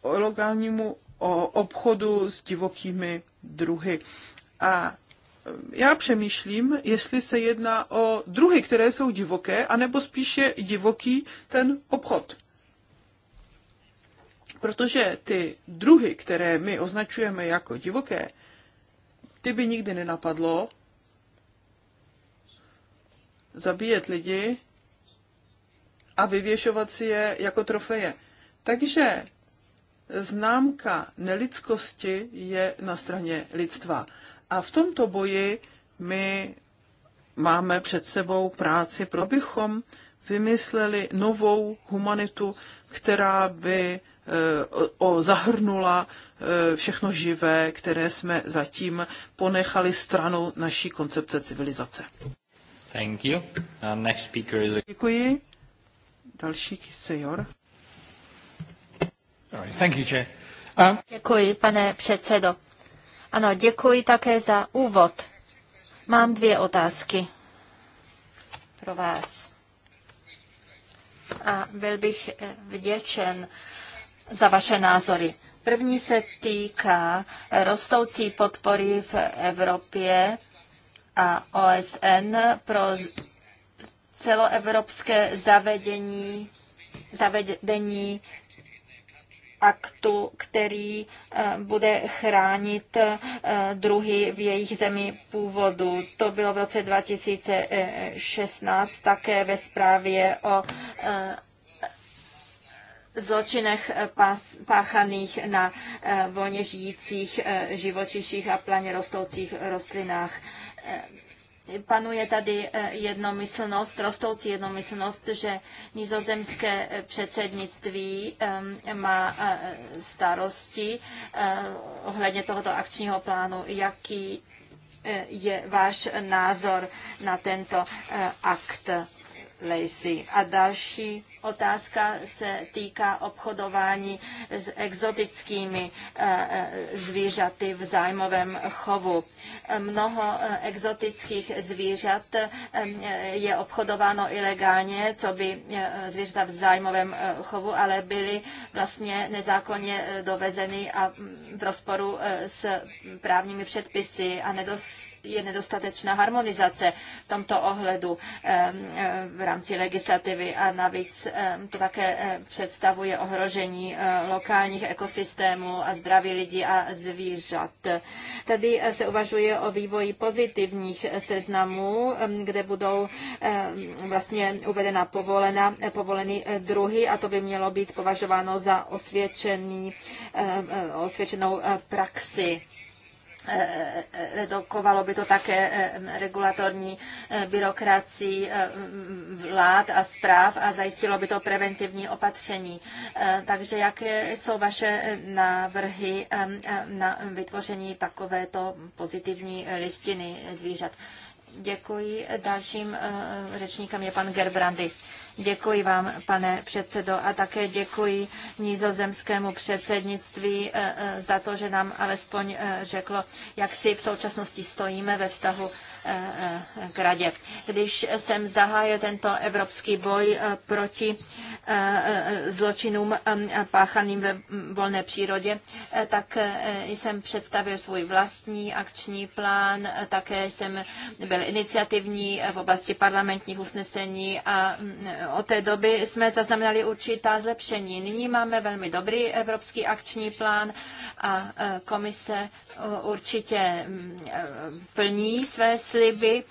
O ilegálnímu obchodu s divokými druhy. A já přemýšlím, jestli se jedná o druhy, které jsou divoké, anebo spíše divoký ten obchod. Protože ty druhy, které my označujeme jako divoké, ty by nikdy nenapadlo zabíjet lidi a vyvěšovat si je jako trofeje. Takže známka nelidskosti je na straně lidstva. A v tomto boji my máme před sebou práci, pro abychom vymysleli novou humanitu, která by eh, o, zahrnula eh, všechno živé, které jsme zatím ponechali stranou naší koncepce civilizace. Thank you. next speaker is... Děkuji. Další senior. Thank you, Chair. Um... Děkuji, pane předsedo. Ano, děkuji také za úvod. Mám dvě otázky pro vás a byl bych eh, vděčen za vaše názory. První se týká eh, rostoucí podpory v Evropě a OSN pro celoevropské zavedení, zavedení aktu, který eh, bude chránit eh, druhy v jejich zemi původu. To bylo v roce 2016 také ve zprávě o eh, zločinech páchaných na volně žijících živočiších a planě rostoucích rostlinách panuje tady eh, jednomyslnost, rostoucí jednomyslnost, že nizozemské eh, předsednictví ehm, má eh, starosti ohledně tohoto akčního plánu. Jaký je váš názor na tento akt, Lacey? A další Otázka se týká obchodování s exotickými eh, eh, zvířaty v zájmovém chovu. Mnoho eh, exotických zvířat je obchodováno ilegálně, co by zvířata v zájmovém chovu, ale byly vlastně nezákonně dovezeny a mm, v rozporu s právními předpisy a je nedostatečná harmonizace v tomto ohledu v rámci legislativy a navíc Ehm, to také ehm, představuje ohrožení ehm, lokálních ekosystémů a zdraví lidí a zvířat. Tady se uvažuje o vývoji pozitivních seznamů, kde budou vlastně uvedena povolena, eh, povolený eh, druhy a to by mělo být považováno za osvědčený, eh, osvědčenou praxi redukovalo by to také eh, regulatorní eh, byrokracii eh, vlád a zpráv a zajistilo by to preventivní opatření. Takže jaké jsou vaše návrhy na vytvoření takovéto pozitivní listiny zvířat? Děkuji. Dalším řečníkem je pan Gerbrandy. Děkuji vám, pane předsedo, a také děkuji nizozemskému předsednictví eh, eh, za to, že nám alespoň eh, řeklo, jak si v současnosti stojíme ve vztahu k radě. Když jsem zahájil tento evropský boj proti zločinům páchaným ve volné přírodě, tak jsem představil svůj vlastní akční plán, také jsem byl iniciativní v oblasti parlamentních usnesení a mm, od té doby jsme zaznamenali určitá zlepšení. Nyní máme velmi dobrý evropský akční plán a e, komise e, určitě mm, e, plní své sliby.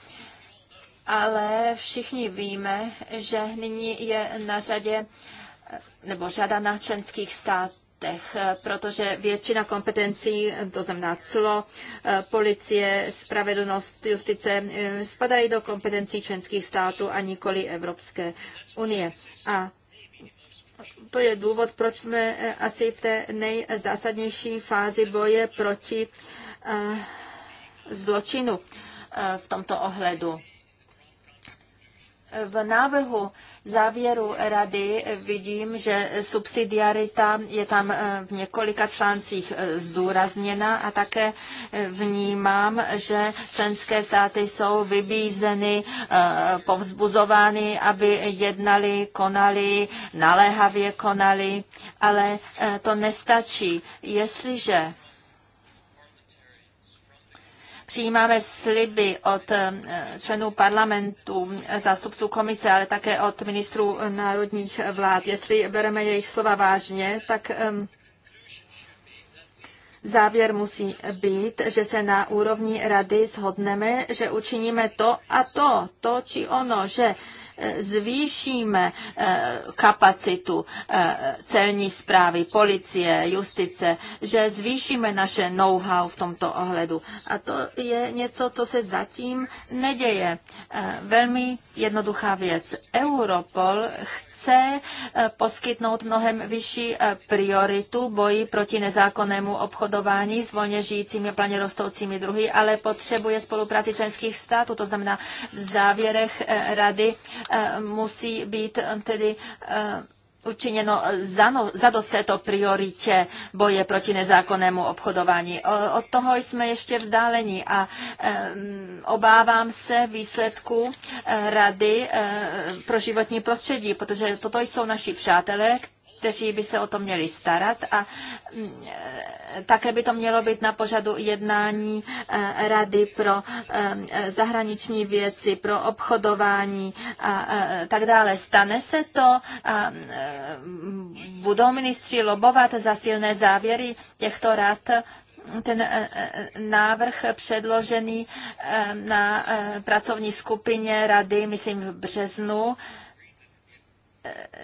Ale všichni víme, že nyní je na řadě nebo řada na členských států městech, eh, protože většina kompetencí, to znamená clo, eh, policie, spravedlnost, justice, eh, spadají do kompetencí členských států a nikoli Evropské unie. A to je důvod, proč jsme asi v té nejzásadnější fázi boje proti zločinu v tomto ohledu. V návrhu závěru rady vidím, že subsidiarita je tam eh, v několika článcích eh, zdůrazněna a také eh, vnímám, že členské státy jsou vybízeny, povzbuzovány, aby jednali, konali, naléhavě konali, ale to nestačí. Jestliže přijímáme sliby od eh, členů parlamentu, zástupců komise, ale také od ministrů národních vlád. Jestli bereme jejich slova vážně, tak ehm, Závěr musí být, že se na úrovni rady shodneme, že učiníme to a to, to či ono, že Eh, zvýšíme eh, kapacitu eh, celní zprávy, policie, justice, že zvýšíme naše know-how v tomto ohledu. A to je něco, co se zatím neděje. Velmi jednoduchá věc. Europol chce poskytnout mnohem vyšší prioritu boji proti nezákonnému obchodování s volně žijícími a plně rostoucími druhy, ale potřebuje spolupráci členských států, to znamená v závěrech rady Eh, musí být eh, tedy eh, učiněno dost této prioritě boje proti nezákonnému obchodování. Od toho jsme ještě vzdáleni a obávám se výsledku Rady pro životní prostředí, protože toto jsou naši přátelé, kteří by se o to měli starat a mm, eh, také by to mělo být na pořadu jednání eh, Rady pro eh, zahraniční věci, pro obchodování a tak dále. Stane se to a budou ministři lobovat za silné závěry těchto rad? ten návrh předložený na pracovní skupině rady, myslím v březnu,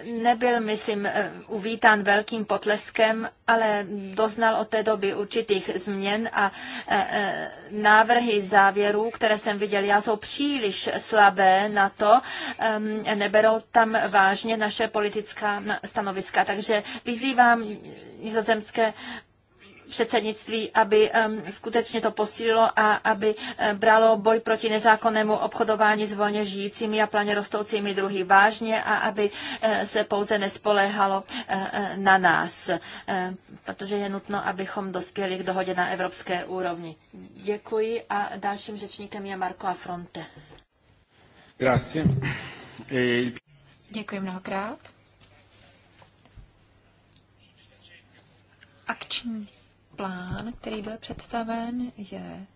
nebyl, myslím, eh, uvítán velkým potleskem, ale doznal od té doby určitých změn a eh, eh, návrhy závěrů, které jsem viděl já, jsou příliš slabé na to, ehm, neberou tam vážně naše politická stanoviska. Takže vyzývám nizozemské předsednictví, aby skutečně to posílilo a aby bralo boj proti nezákonnému obchodování s volně žijícími a plně rostoucími druhy vážně a aby se pouze nespoléhalo na nás, protože je nutno, abychom dospěli k dohodě na evropské úrovni. Děkuji a dalším řečníkem je Marko Afronte. Děkuji mnohokrát. Akční plán, který byl představen, je,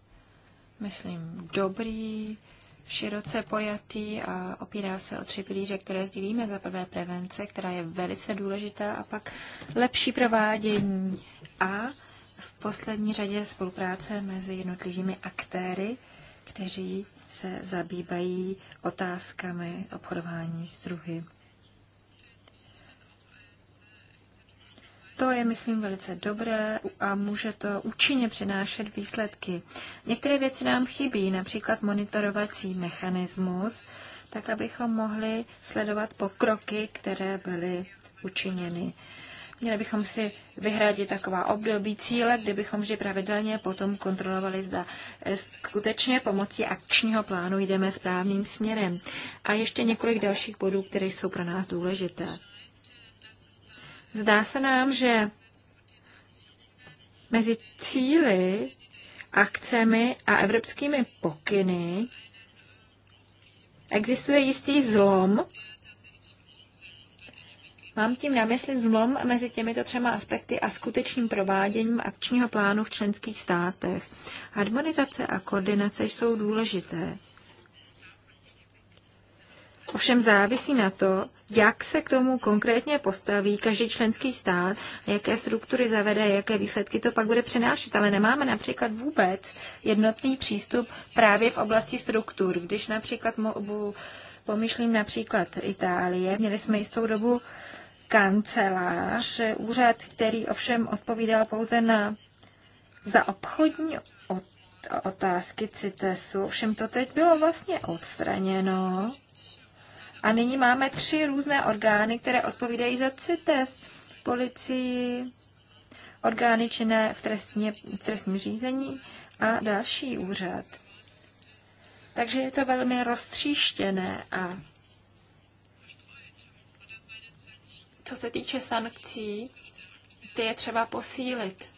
myslím, dobrý, široce pojatý a opírá se o tři pilíře, které sdílíme. Za prvé prevence, která je velice důležitá, a pak lepší provádění a v poslední řadě spolupráce mezi jednotlivými aktéry, kteří se zabývají otázkami obchodování s druhy. To je, myslím, velice dobré a může to účinně přinášet výsledky. Některé věci nám chybí, například monitorovací mechanismus, tak abychom mohli sledovat pokroky, které byly učiněny. Měli bychom si vyhradit taková období cíle, kde bychom vždy pravidelně potom kontrolovali, zda e, skutečně pomocí akčního plánu jdeme správným směrem. A ještě několik dalších bodů, které jsou pro nás důležité. Zdá se nám, že mezi cíly, akcemi a evropskými pokyny existuje jistý zlom. Mám tím na mysli zlom mezi těmito třema aspekty a skutečným prováděním akčního plánu v členských státech. Harmonizace a koordinace jsou důležité. Ovšem závisí na to, jak se k tomu konkrétně postaví každý členský stát, jaké struktury zavede, jaké výsledky to pak bude přinášet. Ale nemáme například vůbec jednotný přístup právě v oblasti struktur. Když například pomyšlím například Itálie, měli jsme jistou dobu kancelář, úřad, který ovšem odpovídal pouze na za obchodní otázky CITESu. Ovšem to teď bylo vlastně odstraněno a nyní máme tři různé orgány, které odpovídají za CITES, policii, orgány činné v, trestně, v trestním řízení a další úřad. Takže je to velmi roztříštěné a co se týče sankcí, ty je třeba posílit.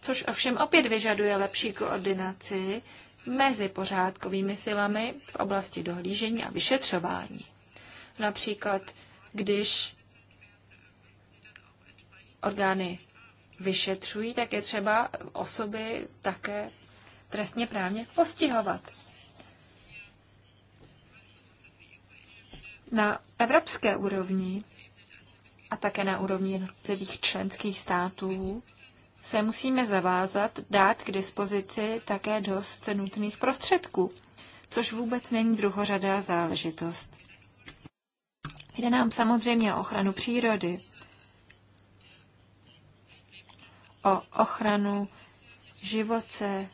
Což ovšem opět vyžaduje lepší koordinaci mezi pořádkovými silami v oblasti dohlížení a vyšetřování. Například, když orgány vyšetřují, tak je třeba osoby také trestně právně postihovat. Na evropské úrovni a také na úrovni jednotlivých členských států se musíme zavázat dát k dispozici také dost nutných prostředků, což vůbec není druhořadá záležitost. Jde nám samozřejmě o ochranu přírody, o ochranu živoce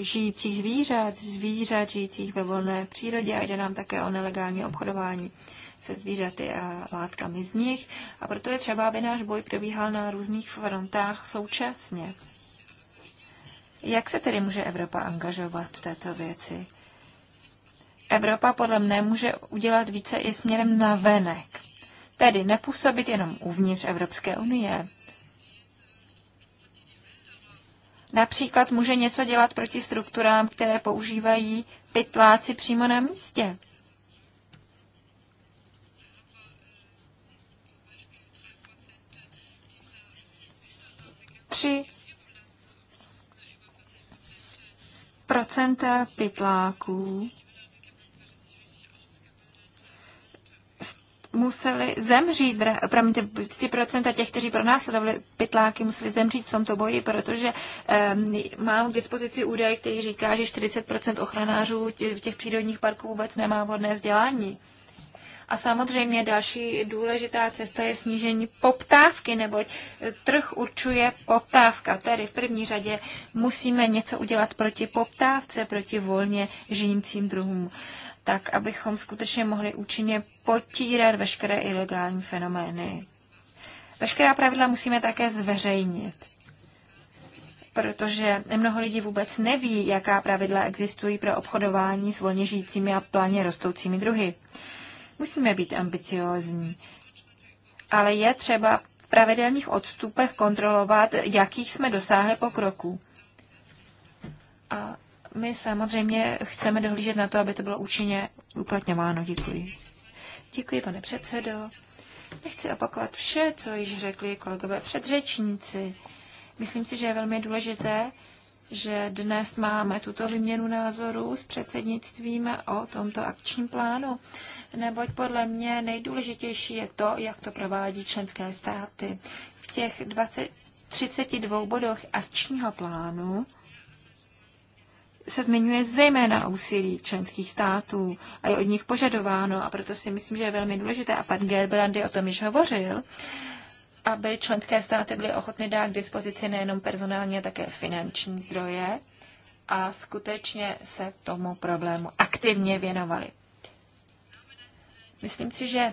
žijících zvířat, zvířat žijících ve volné přírodě a jde nám také o nelegální obchodování se zvířaty a látkami z nich. A proto je třeba, aby náš boj probíhal na různých frontách současně. Jak se tedy může Evropa angažovat v této věci? Evropa podle mne může udělat více i směrem na venek. Tedy nepůsobit jenom uvnitř Evropské unie. Například může něco dělat proti strukturám, které používají pytláci přímo na místě. 3 procenta pytláků museli zemřít, promiňte, 3% těch, kteří pronásledovali pytláky, museli zemřít v tomto boji, protože um, mám k dispozici údaj, který říká, že 40% ochranářů těch přírodních parků vůbec nemá vhodné vzdělání. A samozřejmě další důležitá cesta je snížení poptávky, neboť trh určuje poptávka. Tedy v první řadě musíme něco udělat proti poptávce, proti volně žijícím druhům tak, abychom skutečně mohli účinně potírat veškeré ilegální fenomény. Veškerá pravidla musíme také zveřejnit, protože mnoho lidí vůbec neví, jaká pravidla existují pro obchodování s volně žijícími a plně rostoucími druhy. Musíme být ambiciózní, ale je třeba v pravidelných odstupech kontrolovat, jakých jsme dosáhli pokroku. A my samozřejmě chceme dohlížet na to, aby to bylo účinně uplatňováno. Děkuji. Děkuji, pane předsedo. Nechci opakovat vše, co již řekli kolegové předřečníci. Myslím si, že je velmi důležité, že dnes máme tuto vyměnu názorů s předsednictvím o tomto akčním plánu neboť podle mě nejdůležitější je to, jak to provádí členské státy. V těch 20, 32 bodech akčního plánu se zmiňuje zejména úsilí členských států a je od nich požadováno a proto si myslím, že je velmi důležité a pan Gerbrandy o tom již hovořil, aby členské státy byly ochotny dát k dispozici nejenom personální, ale také finanční zdroje a skutečně se tomu problému aktivně věnovali. Myslím si, že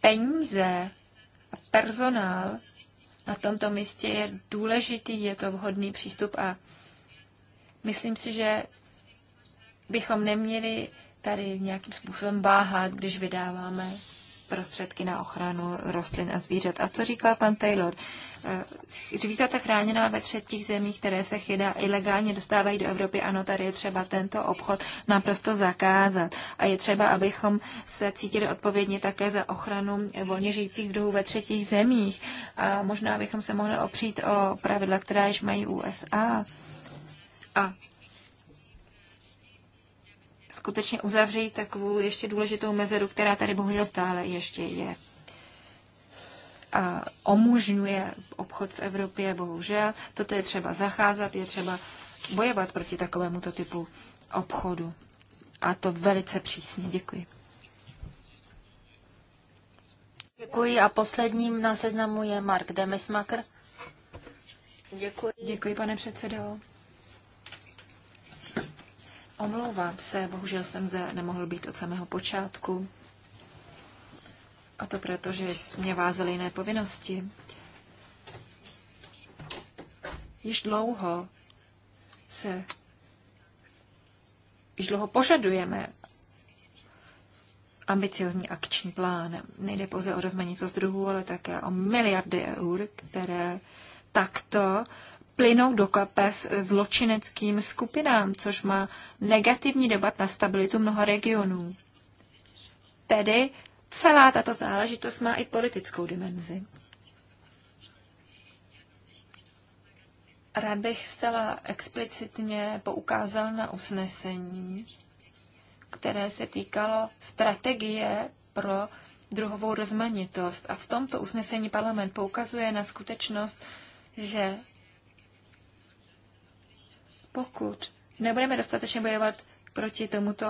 peníze a personál na tomto místě je důležitý, je to vhodný přístup a myslím si, že bychom neměli tady nějakým způsobem báhat, když vydáváme prostředky na ochranu rostlin a zvířat. A co říkal pan Taylor? Eh, zvířata chráněná ve třetích zemích, které se chydá ilegálně dostávají do Evropy, ano, tady je třeba tento obchod naprosto zakázat. A je třeba, abychom se cítili odpovědně také za ochranu volně žijících druhů ve třetích zemích. A možná bychom se mohli opřít o pravidla, která již mají USA. A skutečně uzavřít takovou ještě důležitou mezeru, která tady bohužel stále ještě je. A omužňuje obchod v Evropě, bohužel. Toto je třeba zacházat, je třeba bojovat proti to typu obchodu. A to velice přísně. Děkuji. Děkuji a posledním na seznamu je Mark Demesmaker. Děkuji. Děkuji, pane předsedo. Omlouvám se, bohužel jsem zde nemohl být od samého počátku. A to proto, že mě vázely jiné povinnosti. Již dlouho se již dlouho požadujeme ambiciozní akční plán. Nejde pouze o rozmanitost druhů, ale také o miliardy eur, které takto plynou do kapes zločineckým skupinám, což má negativní dopad na stabilitu mnoha regionů. Tedy celá tato záležitost má i politickou dimenzi. Rád bych zcela explicitně poukázal na usnesení, které se týkalo strategie pro druhovou rozmanitost. A v tomto usnesení parlament poukazuje na skutečnost, že pokud nebudeme dostatečně bojovat proti tomuto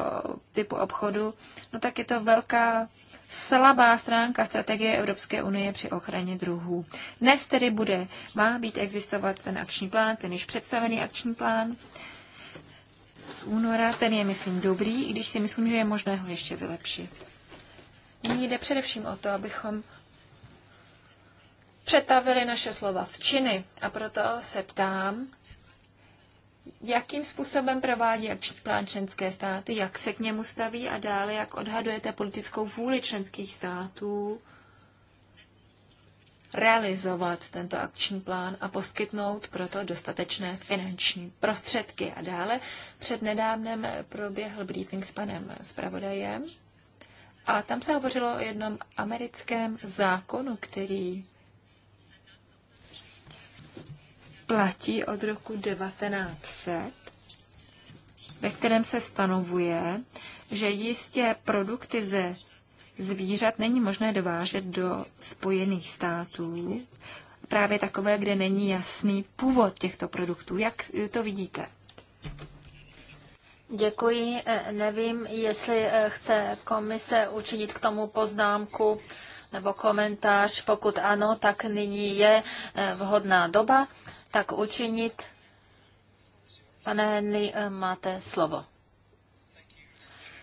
typu obchodu, no tak je to velká slabá stránka strategie Evropské unie při ochraně druhů. Dnes tedy bude, má být existovat ten akční plán, ten již představený akční plán z února, ten je, myslím, dobrý, i když si myslím, že je možné ho ještě vylepšit. Nyní jde především o to, abychom přetavili naše slova v činy a proto se ptám, jakým způsobem provádí akční plán členské státy, jak se k němu staví a dále, jak odhadujete politickou vůli členských států realizovat tento akční plán a poskytnout proto dostatečné finanční prostředky. A dále před nedávnem proběhl briefing s panem zpravodajem a tam se hovořilo o jednom americkém zákonu, který platí od roku 1900, ve kterém se stanovuje, že jistě produkty ze zvířat není možné dovážet do Spojených států, právě takové, kde není jasný původ těchto produktů. Jak to vidíte? Děkuji. E, nevím, jestli e, chce komise učinit k tomu poznámku nebo komentář. Pokud ano, tak nyní je e, vhodná doba tak učinit. Pane Henry, eh, máte slovo.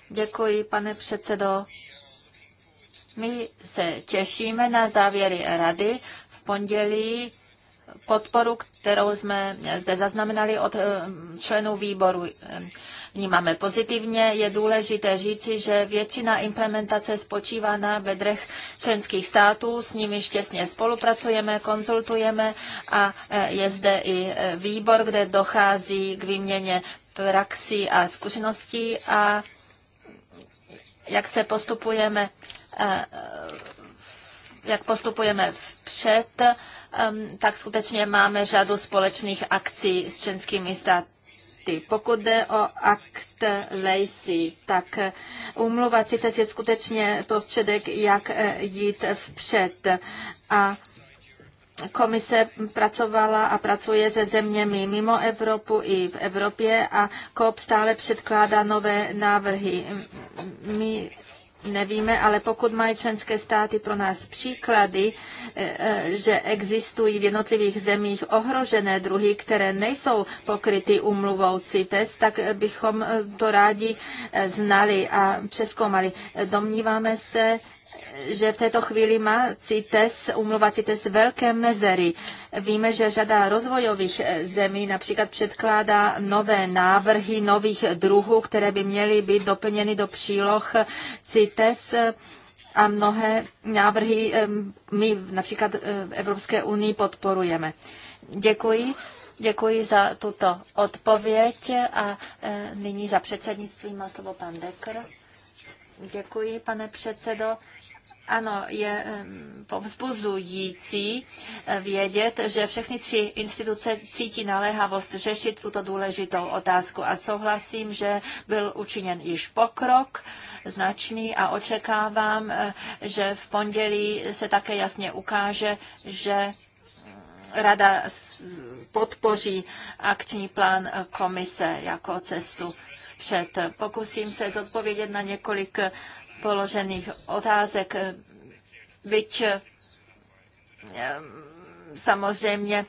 Děkuji, pane předsedo. My se těšíme na závěry rady v pondělí podporu, kterou jsme zde zaznamenali od eh, členů výboru, vnímáme pozitivně. Je důležité říci, že většina implementace spočívá na vedrech členských států, s nimi štěsně spolupracujeme, konzultujeme a eh, je zde i eh, výbor, kde dochází k výměně praxí a zkušeností a jak se postupujeme jak postupujeme vpřed, tak skutečně máme řadu společných akcí s členskými státy Pokud jde o akt Lacey, tak umluva eh, CITES je skutečně prostředek, jak eh, jít vpřed. A Komise pracovala a pracuje se zeměmi mimo Evropu i v Evropě a COP stále předkládá nové návrhy. My nevíme, ale pokud mají členské státy pro nás příklady, eh, eh, že existují v jednotlivých zemích ohrožené druhy, které nejsou pokryty umluvou CITES, tak eh, bychom to rádi znali a přeskoumali. Domníváme se, že v této chvíli má CITES, umluva CITES velké mezery. Víme, že řada rozvojových eh, zemí například předkládá nové návrhy nových druhů, které by měly být doplněny do příloh CITES eh, a mnohé návrhy eh, my například v Evropské unii podporujeme. Děkuji. Děkuji za tuto odpověď a nyní za předsednictví má slovo pan Dekr. Děkuji, pane předsedo. Ano, je povzbuzující eh, vědět, že všechny tři instituce cítí naléhavost řešit tuto důležitou otázku a souhlasím, že byl učiněn již pokrok značný a očekávám, eh, že v pondělí se také jasně ukáže, že rada podpoří akční plán komise jako cestu vpřed. Pokusím se zodpovědět na několik položených otázek, byť eh, samozřejmě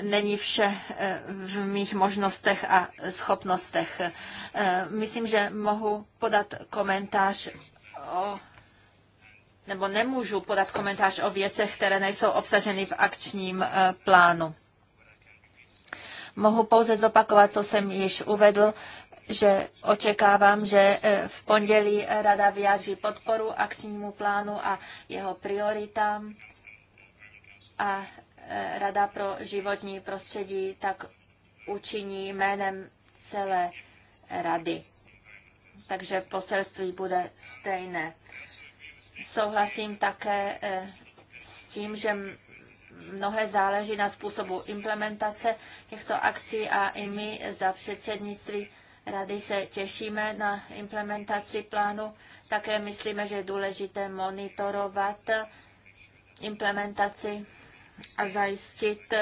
není vše eh, v mých možnostech a schopnostech. Eh, myslím, že mohu podat komentář o nebo nemůžu podat komentář o věcech, které nejsou obsaženy v akčním eh, plánu. Mohu pouze zopakovat, co jsem již uvedl, že očekávám, že eh, v pondělí Rada vyjádří podporu akčnímu plánu a jeho prioritám a eh, Rada pro životní prostředí tak učiní jménem celé Rady. Takže poselství bude stejné. Souhlasím také eh, s tím, že mnohé záleží na způsobu implementace těchto akcí a i my za předsednictví Rady se těšíme na implementaci plánu. Také myslíme, že je důležité monitorovat implementaci a zajistit,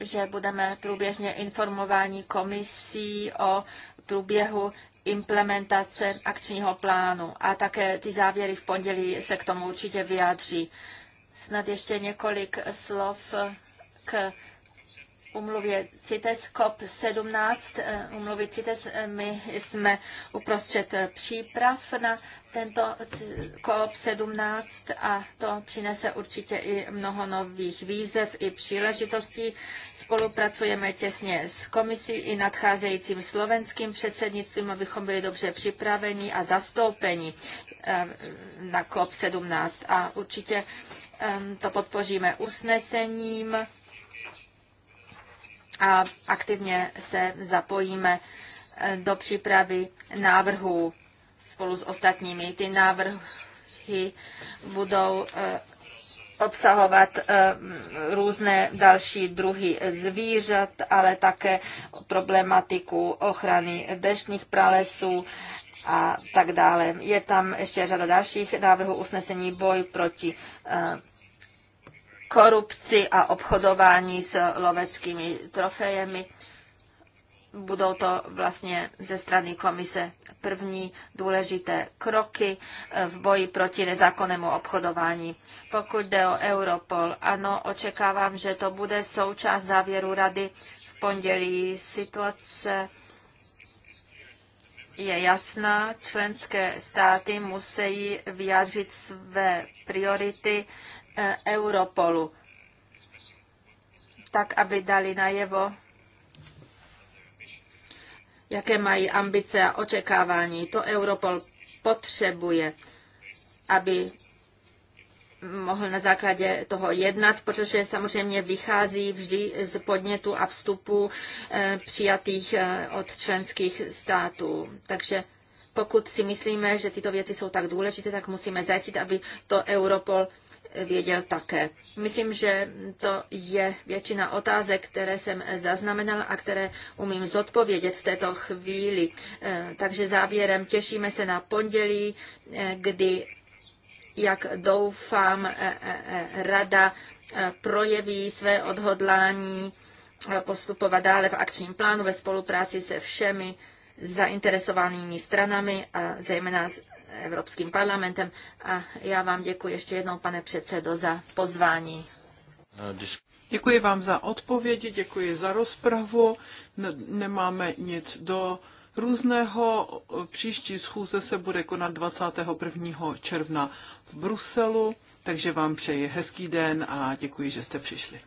že budeme průběžně informováni komisí o průběhu implementace akčního plánu a také ty závěry v pondělí se k tomu určitě vyjádří. Snad ještě několik slov k umluvě CITES COP17, eh, Umluvě CITES, eh, my jsme uprostřed příprav na tento COP17 a to přinese určitě i mnoho nových výzev i příležitostí. Spolupracujeme těsně s komisí i nadcházejícím slovenským předsednictvím, abychom byli dobře připraveni a zastoupeni eh, na COP17 a určitě ehm, to podpoříme usnesením a aktivně se zapojíme eh, do přípravy návrhů spolu s ostatními. Ty návrhy budou eh, obsahovat eh, různé další druhy zvířat, ale také problematiku ochrany deštných pralesů a tak dále. Je tam ještě řada dalších návrhů usnesení boj proti korupci a obchodování s loveckými trofejemi. Budou to vlastně ze strany komise první důležité kroky v boji proti nezákonnému obchodování. Pokud jde o Europol, ano, očekávám, že to bude součást závěru rady v pondělí. Situace je jasná, členské státy musí vyjádřit své priority E, Europolu, tak aby dali najevo, jaké mají ambice a očekávání. To Europol potřebuje, aby mohl na základě toho jednat, protože samozřejmě vychází vždy z podnětu a vstupu e, přijatých e, od členských států. Takže pokud si myslíme, že tyto věci jsou tak důležité, tak musíme zajistit, aby to Europol věděl také. Myslím, že to je většina otázek, které jsem zaznamenal a které umím zodpovědět v této chvíli. Eh, takže závěrem těšíme se na pondělí, eh, kdy, jak doufám, eh, rada projeví své odhodlání postupovat dále v akčním plánu ve spolupráci se všemi zainteresovanými stranami a zejména s Evropským parlamentem. A já vám děkuji ještě jednou, pane předsedo, za pozvání. Děkuji vám za odpovědi, děkuji za rozpravu. Nemáme nic do různého. Příští schůze se bude konat 21. června v Bruselu, takže vám přeji hezký den a děkuji, že jste přišli.